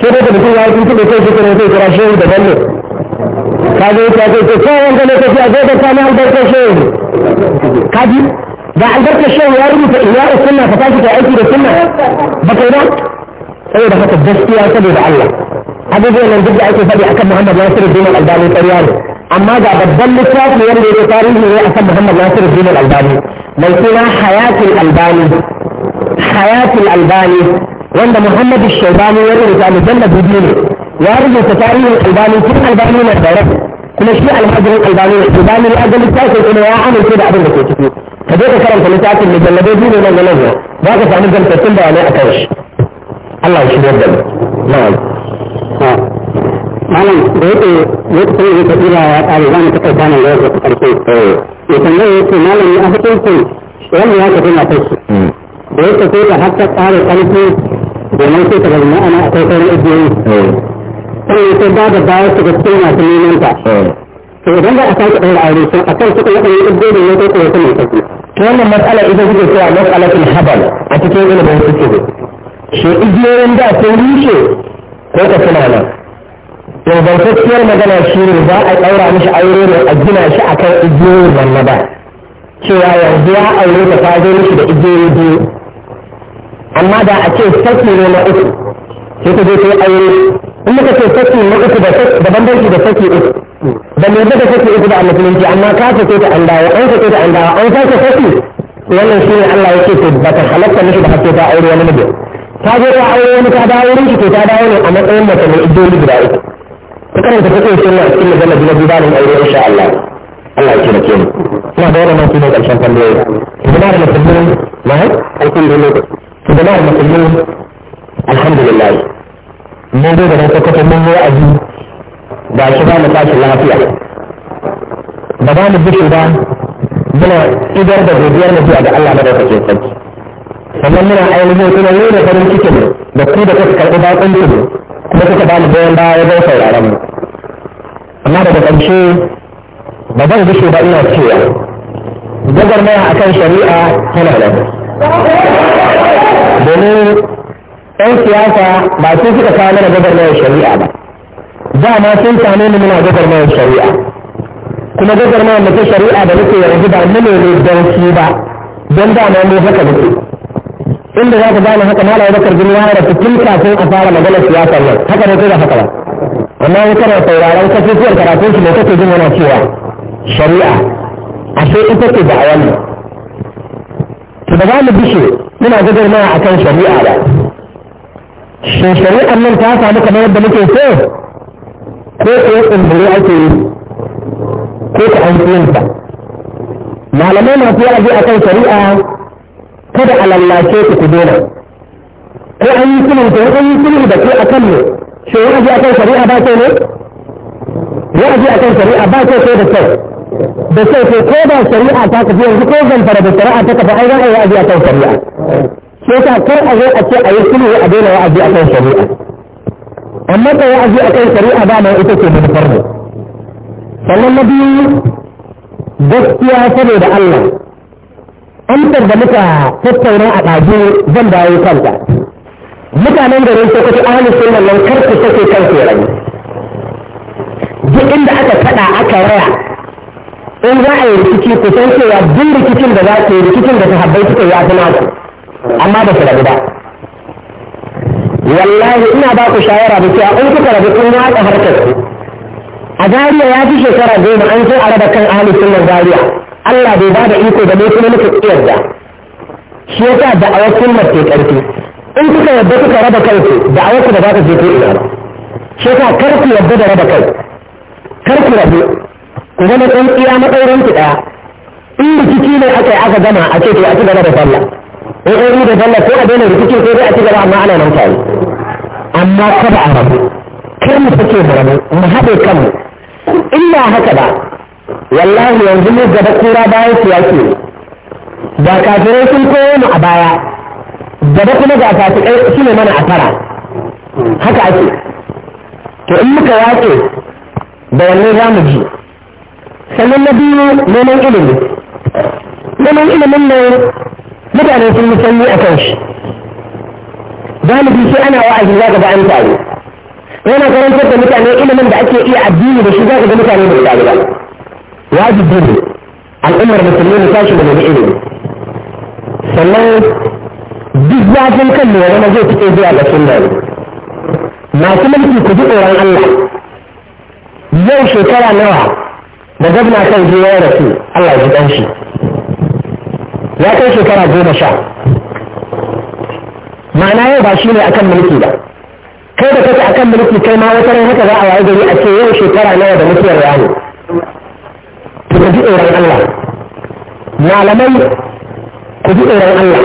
sai da mutum ya yi tuɗe kai shi kuma sai kira shehu da ballo ka zo ya ce ce ko wanda ne tafiya zai da sami albarkar shehu ka ji da albarkar shehu ya rubuta iya sunna ka tashi ka aiki da sunna ba kai ba saboda haka gaskiya saboda Allah abubuwan nan duk da ake faɗi akan Muhammad Nasiru Dinar Albani ƙarya ne amma ga babban littafi wanda ya tarihi ne akan Muhammad Nasiru Dinar Albani mai suna Hayatul Albani Hayatul Albani وان محمد الشيباني يرغب على جنة بدينه يارغب تتاريه الألباني كل الألباني من الدولة كل شيء المهجر الألباني الألباني لا أجل التاسل إنه يا كذا كده أبو لكي تكون كذلك كرم فلتاتي اللي جنة بدينه من الجنة باقي فعن الجنة تتنبع على أكاش الله يشير يبدأ نعم نعم معلم بيت يوت سنة كثيرة وقال إذا نتقل كان الوزر تقرسون يتنبع يوت معلم يأخذون كل ولم يأخذون أكاش بيت كثيرة حتى قال القرسون domin sai ta zama ana akwai sauran igiyoyi eh. sannan sai ba da baya su ga masu neman ta eh. to idan za a sake ɗaura aure sun a kan cikin waɗannan igiyoyi ne ko kuma wasu mai sauki ta wannan matsala ita suke cewa matsalatul habal a cikin ilimin suke shi igiyoyin da sun rushe ko ka suna nan to bantacciyar magana shi ne za a ɗaura mishi aure ne a gina shi akan igiyoyin wannan ba cewa yanzu ya aure ta ta mishi da igiyoyi biyu amma da a ce sarki ne na uku sai ka je kai aure in muka ce sarki na uku da bambanci da sarki uku da mai da sarki uku da musulunci amma ka ce ta an dawo an ce ta an dawo an ce sarki wannan shi ne Allah ya ce to ba ta halatta miki da hakke ta aure wani mijin ta zo ta aure wani ta dawo wurin shi to ta dawo ne a matsayin mace mai idoli guda uku ta karanta take shi ne a cikin biyu na bibanin aure insha Allah Allah ya ce da ke mu ina da wannan shi ne karshen tambayoyi kuma da musulmi na alhamdulillah وبناء المسلمين الحمد لله mun zo da na sokoto mun yi wa'azi ba shi ba mu tashi lafiya ba ba mu bishi ba muna idar da godiyar mu ga Allah na daukakin sarki sannan muna ainihin kuma yi da farin cikin da ku da kuka karɓi baƙon ku kuma kuka ba mu goyon baya ya zai sauraron mu amma daga ƙarshe ba zan bishi ba ina cewa gwagwarmaya akan shari'a tana da domin ɗan siyasa ba su suka kawo mana gwagwarmayar shari'a ba da ma sun same muna gwagwarmayar shari'a kuma gwagwarmayar mutum shari'a da muke yanzu ba mu ne ne don su ba don da ma mu haka muke inda za ka gane haka malawa bakar jini ya rasu tun kafin a fara maganar siyasar nan haka ne kai ba haka ba amma in kana sauraron kasusuwar karatun shi ne kake jin yana cewa shari'a ashe ita ce da a wannan to da za mu bishe muna gudunawa a kan shari'a ba shin shari'ar nan ta samu kamar yadda muke so ko ko tsumbure ake yi ko ta an tsinta malamai masu yaji a kan shari'a kada a lallace ku ku dole ko an yi sulhu ko an yi sulhu da ke a kan ne shin wa'azi a kan shari'a ba ke ne wa'azi a kan shari'a ba ke ko da kyau da sai ko ko da shari'a ta tafi yanzu ko zamfara da shari'a ta tafi ai za a yi wa'azi a kan shari'a sai ta kar a zo a ce a yi sulhu a daina wa'azi a kan shari'a amma da wa'azi a kan shari'a ba mai ita ce mun farko sannan na biyu gaskiya saboda Allah amsar da muka tattauna a ɗazu zan dawo kanta mutanen garin ta ahli sunan nan kar ku sake kanku ya duk inda aka fada aka raya in za a yi rikici ku san cewa duk rikicin da za ku yi rikicin da sahabbai suka yi fi naku amma ba su rabu ba wallahi ina ba ku shawara da cewa in kuka rabu kun watsa harkar ku a zariya ya fi shekara goma an so a raba kan ahli sunan zariya Allah bai ba da iko da mu kuma muka da. shi yasa da'awar sunan ke karfi in kuka yadda kuka raba kanku da ku da za ta je ko ina ba shi yasa kar ku yadda da raba kai kar ku rabu ku zama ɗan tsiya maɗauran ki ɗaya in rikici ne aka yi aka gama a ce to a ci gaba da sallah in an yi da sallah ko a daina rikici ko dai a ci gaba amma ana nan tare amma kada a rabu kar mu sake mu rabu mu haɗe kanmu in ba haka ba wallahi yanzu mu gaba kura bayan siyasi ne da kafirai sun koyo mu a baya gaba kuma ga fasikai su ne mana a fara haka ake to in muka yaƙe da wanne za mu ji صلى فالنبي من الإلم من الإلم اللي مدعنا في المسلمي أكوش ذلك يسي أنا وعيد الله ان عن تاني وانا قرن فرد مدعنا إلم من بأكي إيه عبديني بشيزا قد مدعنا من الإلم واجد ديني عن أمر مسلمي نساش من الإلم فالله بزاد من كل وانا زيت إيدي على سنة ما سمعت كذب الله يوشي كلا نواه da gwamna kan je ya rasu Allah ya ji shi ya kai shekara goma sha ma'ana yau ba shi ne akan mulki ba kai da kake akan mulki kai ma wata ran haka za a waye gari a ce yau shekara nawa da mutuwar yaro ku ji tsoron Allah malamai ku ji tsoron Allah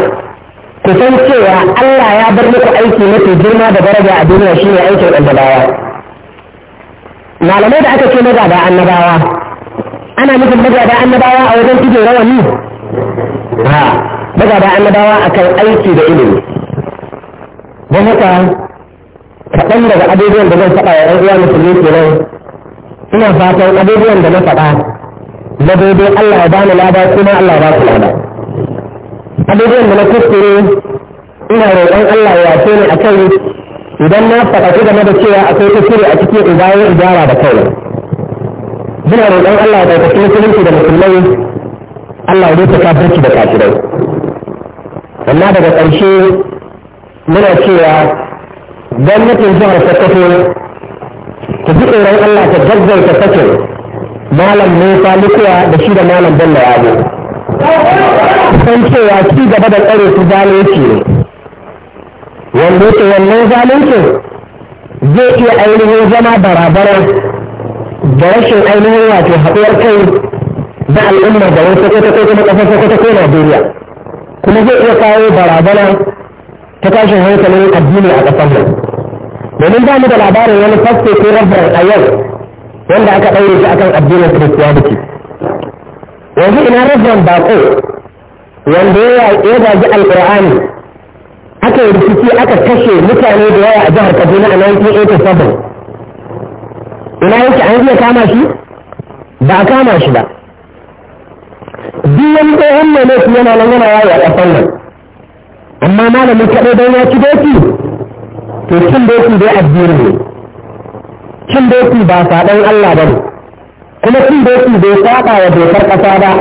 ku san cewa Allah ya bar muku aiki mafi girma da daraja a duniya shine aikin annabawa malamai da aka ce maza ba annabawa ana nufin magada annabawa a wajen ido rawani ha magada annabawa akan aiki da ilimi don haka kaɗan daga abubuwan da zan faɗa wa ɗan uwa musulmi kenan ina fatan abubuwan da na faɗa na daidai Allah ya bani lada kuma Allah ba ku lada abubuwan da na kuskure ina roƙon Allah ya ne ni akan idan na faɗa game da cewa akwai kuskure a cikin in bayan da kai muna roƙon Allah ya ɗaukaki musulunci da musulmai Allah ya rufe kafirci da kafirai amma daga ƙarshe muna cewa gwamnatin jihar Sokoto ta ji tsoron Allah ta gaggauta sakin malam Musa Lukuwa da shi da malam Bello Yabo san cewa ci gaba da tsare su zalunci ne wanda yake wannan zalunci zai iya ainihin zama barabara. da rashin ainihin wato haɗuwar kai da al'ummar da wani sokoto ko kuma ƙasar sokoto ko najeriya kuma zai iya kawo barazana ta tashin hankalin addini a ƙasar nan domin ba mu da labarin wani fasto ko rabbar a yau wanda aka ɗaure shi akan addinin kiristiyaniki yanzu ina rabban baƙo wanda ya gaji alƙur'ani aka yi rikici aka kashe mutane da yawa a jihar kaduna a 1987 ina yake an iya kama shi ba a kama shi ba duk wani tsohon mai laifi yana nan yana yawo a ƙasar nan amma malamin kaɗai don ya ci doki to cin doki dai addini ne cin doki ba faɗan Allah ba ne kuma cin doki bai saɓa wa dokar ƙasa ba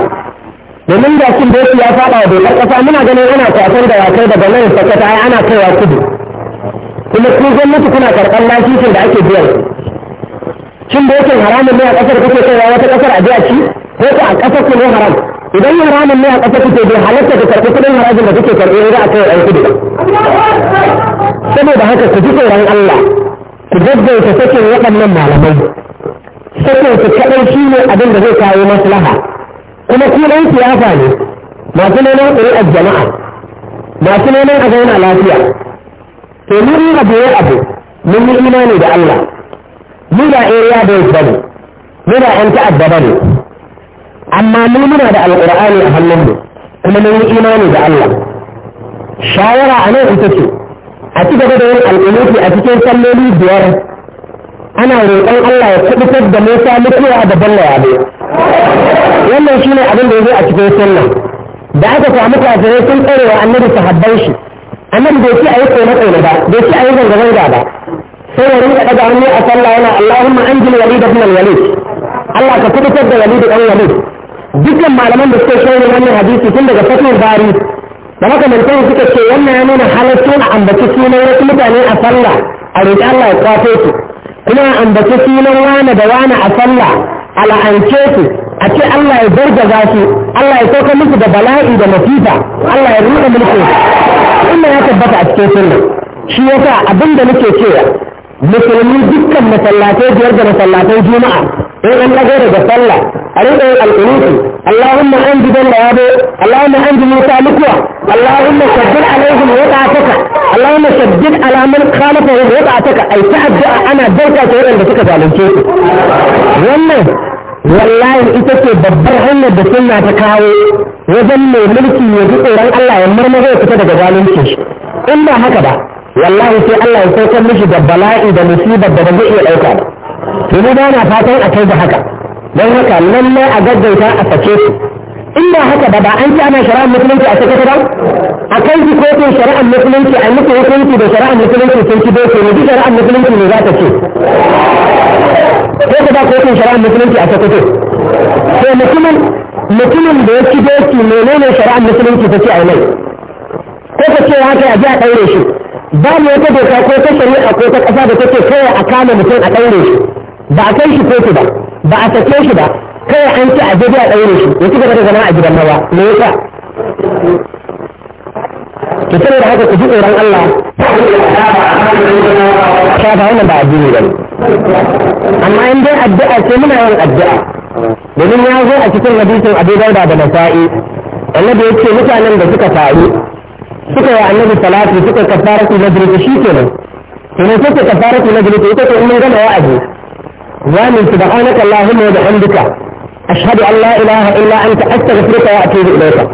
domin da cin doki ya saɓa wa dokar ƙasa muna ganin ana kwasan da wakai daga nan sakata ana kaiwa kudu kuma kun gwamnati kuna karɓar lafifin da ake biyan. kin da yake haramun ne a kasar kake kaiwa wata kasar a a ci ko ko a kasar ku ne haram idan haramun ne a kasar kake bai halatta ka karɓi kuɗin harajin da kake karɓi ne za a kai ɗan kuɗi saboda haka ku ji tsoron Allah ku gaggauta sakin waɗannan malamai sakin su kaɗai shi ne abin da zai kawo maslaha kuma ku ɗan siyasa ne masu neman ƙuri'ar jama'a masu neman a zauna lafiya to ni abu ya abu mun yi imani da Allah mu ba area based bane mu ba yan ta'adda ne amma mu muna da alqur'ani a hannunmu kuma mun yi imani da Allah shawara a nan ita ce a ci gaba da yin alƙunuti a cikin salloli biyar ana roƙon Allah ya kubutar da Musa mutuwa da balla yabo wannan shine abin da ya zo a cikin sunnan da aka samu kafirai sun tsare wa annabi sahabban shi annabi bai ci a yi kone ba bai ci a yi zanga zanga ba sai ya rinka daga hannu a sallah yana Allahumma anjil walid ibn al-walid Allah ka kubutar da walid dan walid dukkan malaman da suke shawarar wannan hadisi tun daga fatul bari da makamantan suka ce wannan ya nuna halaccin a ambaci sunan wasu mutane a sallah a roƙi Allah ya kwato su kuma a ambaci sunan wane da wane a sallah a la'ance su a ce Allah ya gargaza su Allah ya sauka musu da bala'i da masifa Allah ya ruɗa mulkin su inda ya tabbata a cikin sunna shi yasa abin da nake cewa musulmi dukkan masallatai biyar da masallatan juma'a in eh, an lago daga sallah a rinka yin alƙunutu allahumma an ji don yabo allahumma an ji musa lukuwa allahumma shaddid alaihim wata'ataka allahumma shaddid ala man khalafa wata'ataka ai ta addu'a ana dauka ta waɗanda suka zalunce su wannan wallahi ita ce babbar hanyar da sunna ta kawo wajen mai mulki ya ji tsoron Allah ya marmara ya fita daga zalunci in ba haka ba wallahi sai Allah ya saukar mishi da bala'i da musibar da ba zai iya ɗauka ba to ni ba na fatan a kai da haka don haka lalle a gaggauta a sake su in ba haka ba ba an ci ana shari'ar musulunci a sake ba a kai su kotun shari'ar musulunci a nufin hukunci da shari'ar musulunci sun ci doke ne duk shari'ar musulunci ne za ta ce ko ka ba kotun shari'ar musulunci a sake to mutumin mutumin da ya ci doki menene shari'ar musulunci ta ce a nan. mai ko ka ce haka a ji a ɗaure shi ba mu wata doka ko ta shari'a ko ta ƙasa da take kawai a kama mutum a ɗaure shi ba a kai shi kotu ba ba a sake shi ba kawai an ci a jeje a ɗaure shi ya ci gaba da zama a gidan nawa me yasa ki tare da haka ku ji tsoron Allah ta ba wannan ba addini ba amma in dai addu'a ce muna yin addu'a domin ya zo a cikin hadisin Abu Dawud da Nasa'i annabi yake mutanen da suka faru suka yi annabi salatu suka kafara na majlis shi kenan kenan sai ka kafara na majlis ita ce mun gama wa'azi wa min subhanaka allahumma wa bihamdika ashhadu an la ilaha illa anta astaghfiruka wa atubu ilayka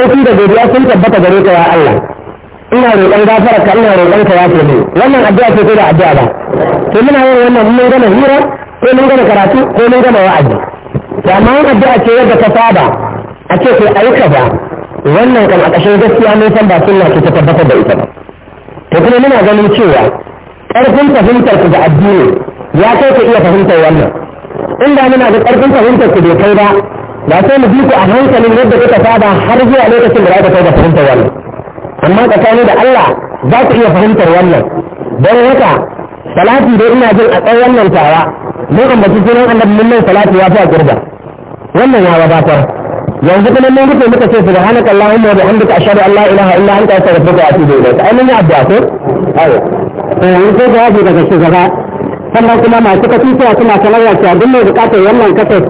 aiki da godiya sun tabbata gare ka ya Allah ina roƙon gafara ka ina roƙon ka yafe ni wannan addu'a ce ko da addu'a ba to muna yin wannan mun gama hira ko mun gama karatu ko mun gama wa'azi to amma wannan addu'a ce yadda ta saba a ce ko aika ba wannan kan a ƙashin gaskiya mun san ba sunna ce ta tabbatar da ita ba to kuma muna ganin cewa ƙarfin fahimtar ku da addini ya kai ku iya fahimtar wannan inda muna da ƙarfin fahimtar ku bai kai ba ba sai mu bi ku a hankalin yadda kuka saba har zuwa lokacin da za ku kai da fahimtar wannan amma tsakani da Allah za ku iya fahimtar wannan don haka salati dai ina jin a tsawon wannan tawa mun ambaci sunan annabi mun salati ya fi a wannan ya wadatar yanzu kuma mun rufe muka ce subhanaka allahumma wa bihamdika ashhadu an la ilaha illa anta astaghfiruka wa atubu ilayk ai mun yi addu'a ko ayo to yanzu ga haji daga shugaba sannan kuma masu kasuwa suna sanarwa cewa duk mai bukatar wannan kasar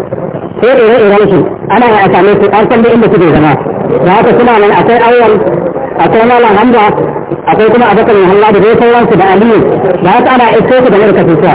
ko ire-iren su ana a same su an san da inda suke zama da haka suna nan akwai awwal akwai malam hamza akwai kuma abakar muhammadu da sauransu da aliyu da haka ana isko su da mai kasuwa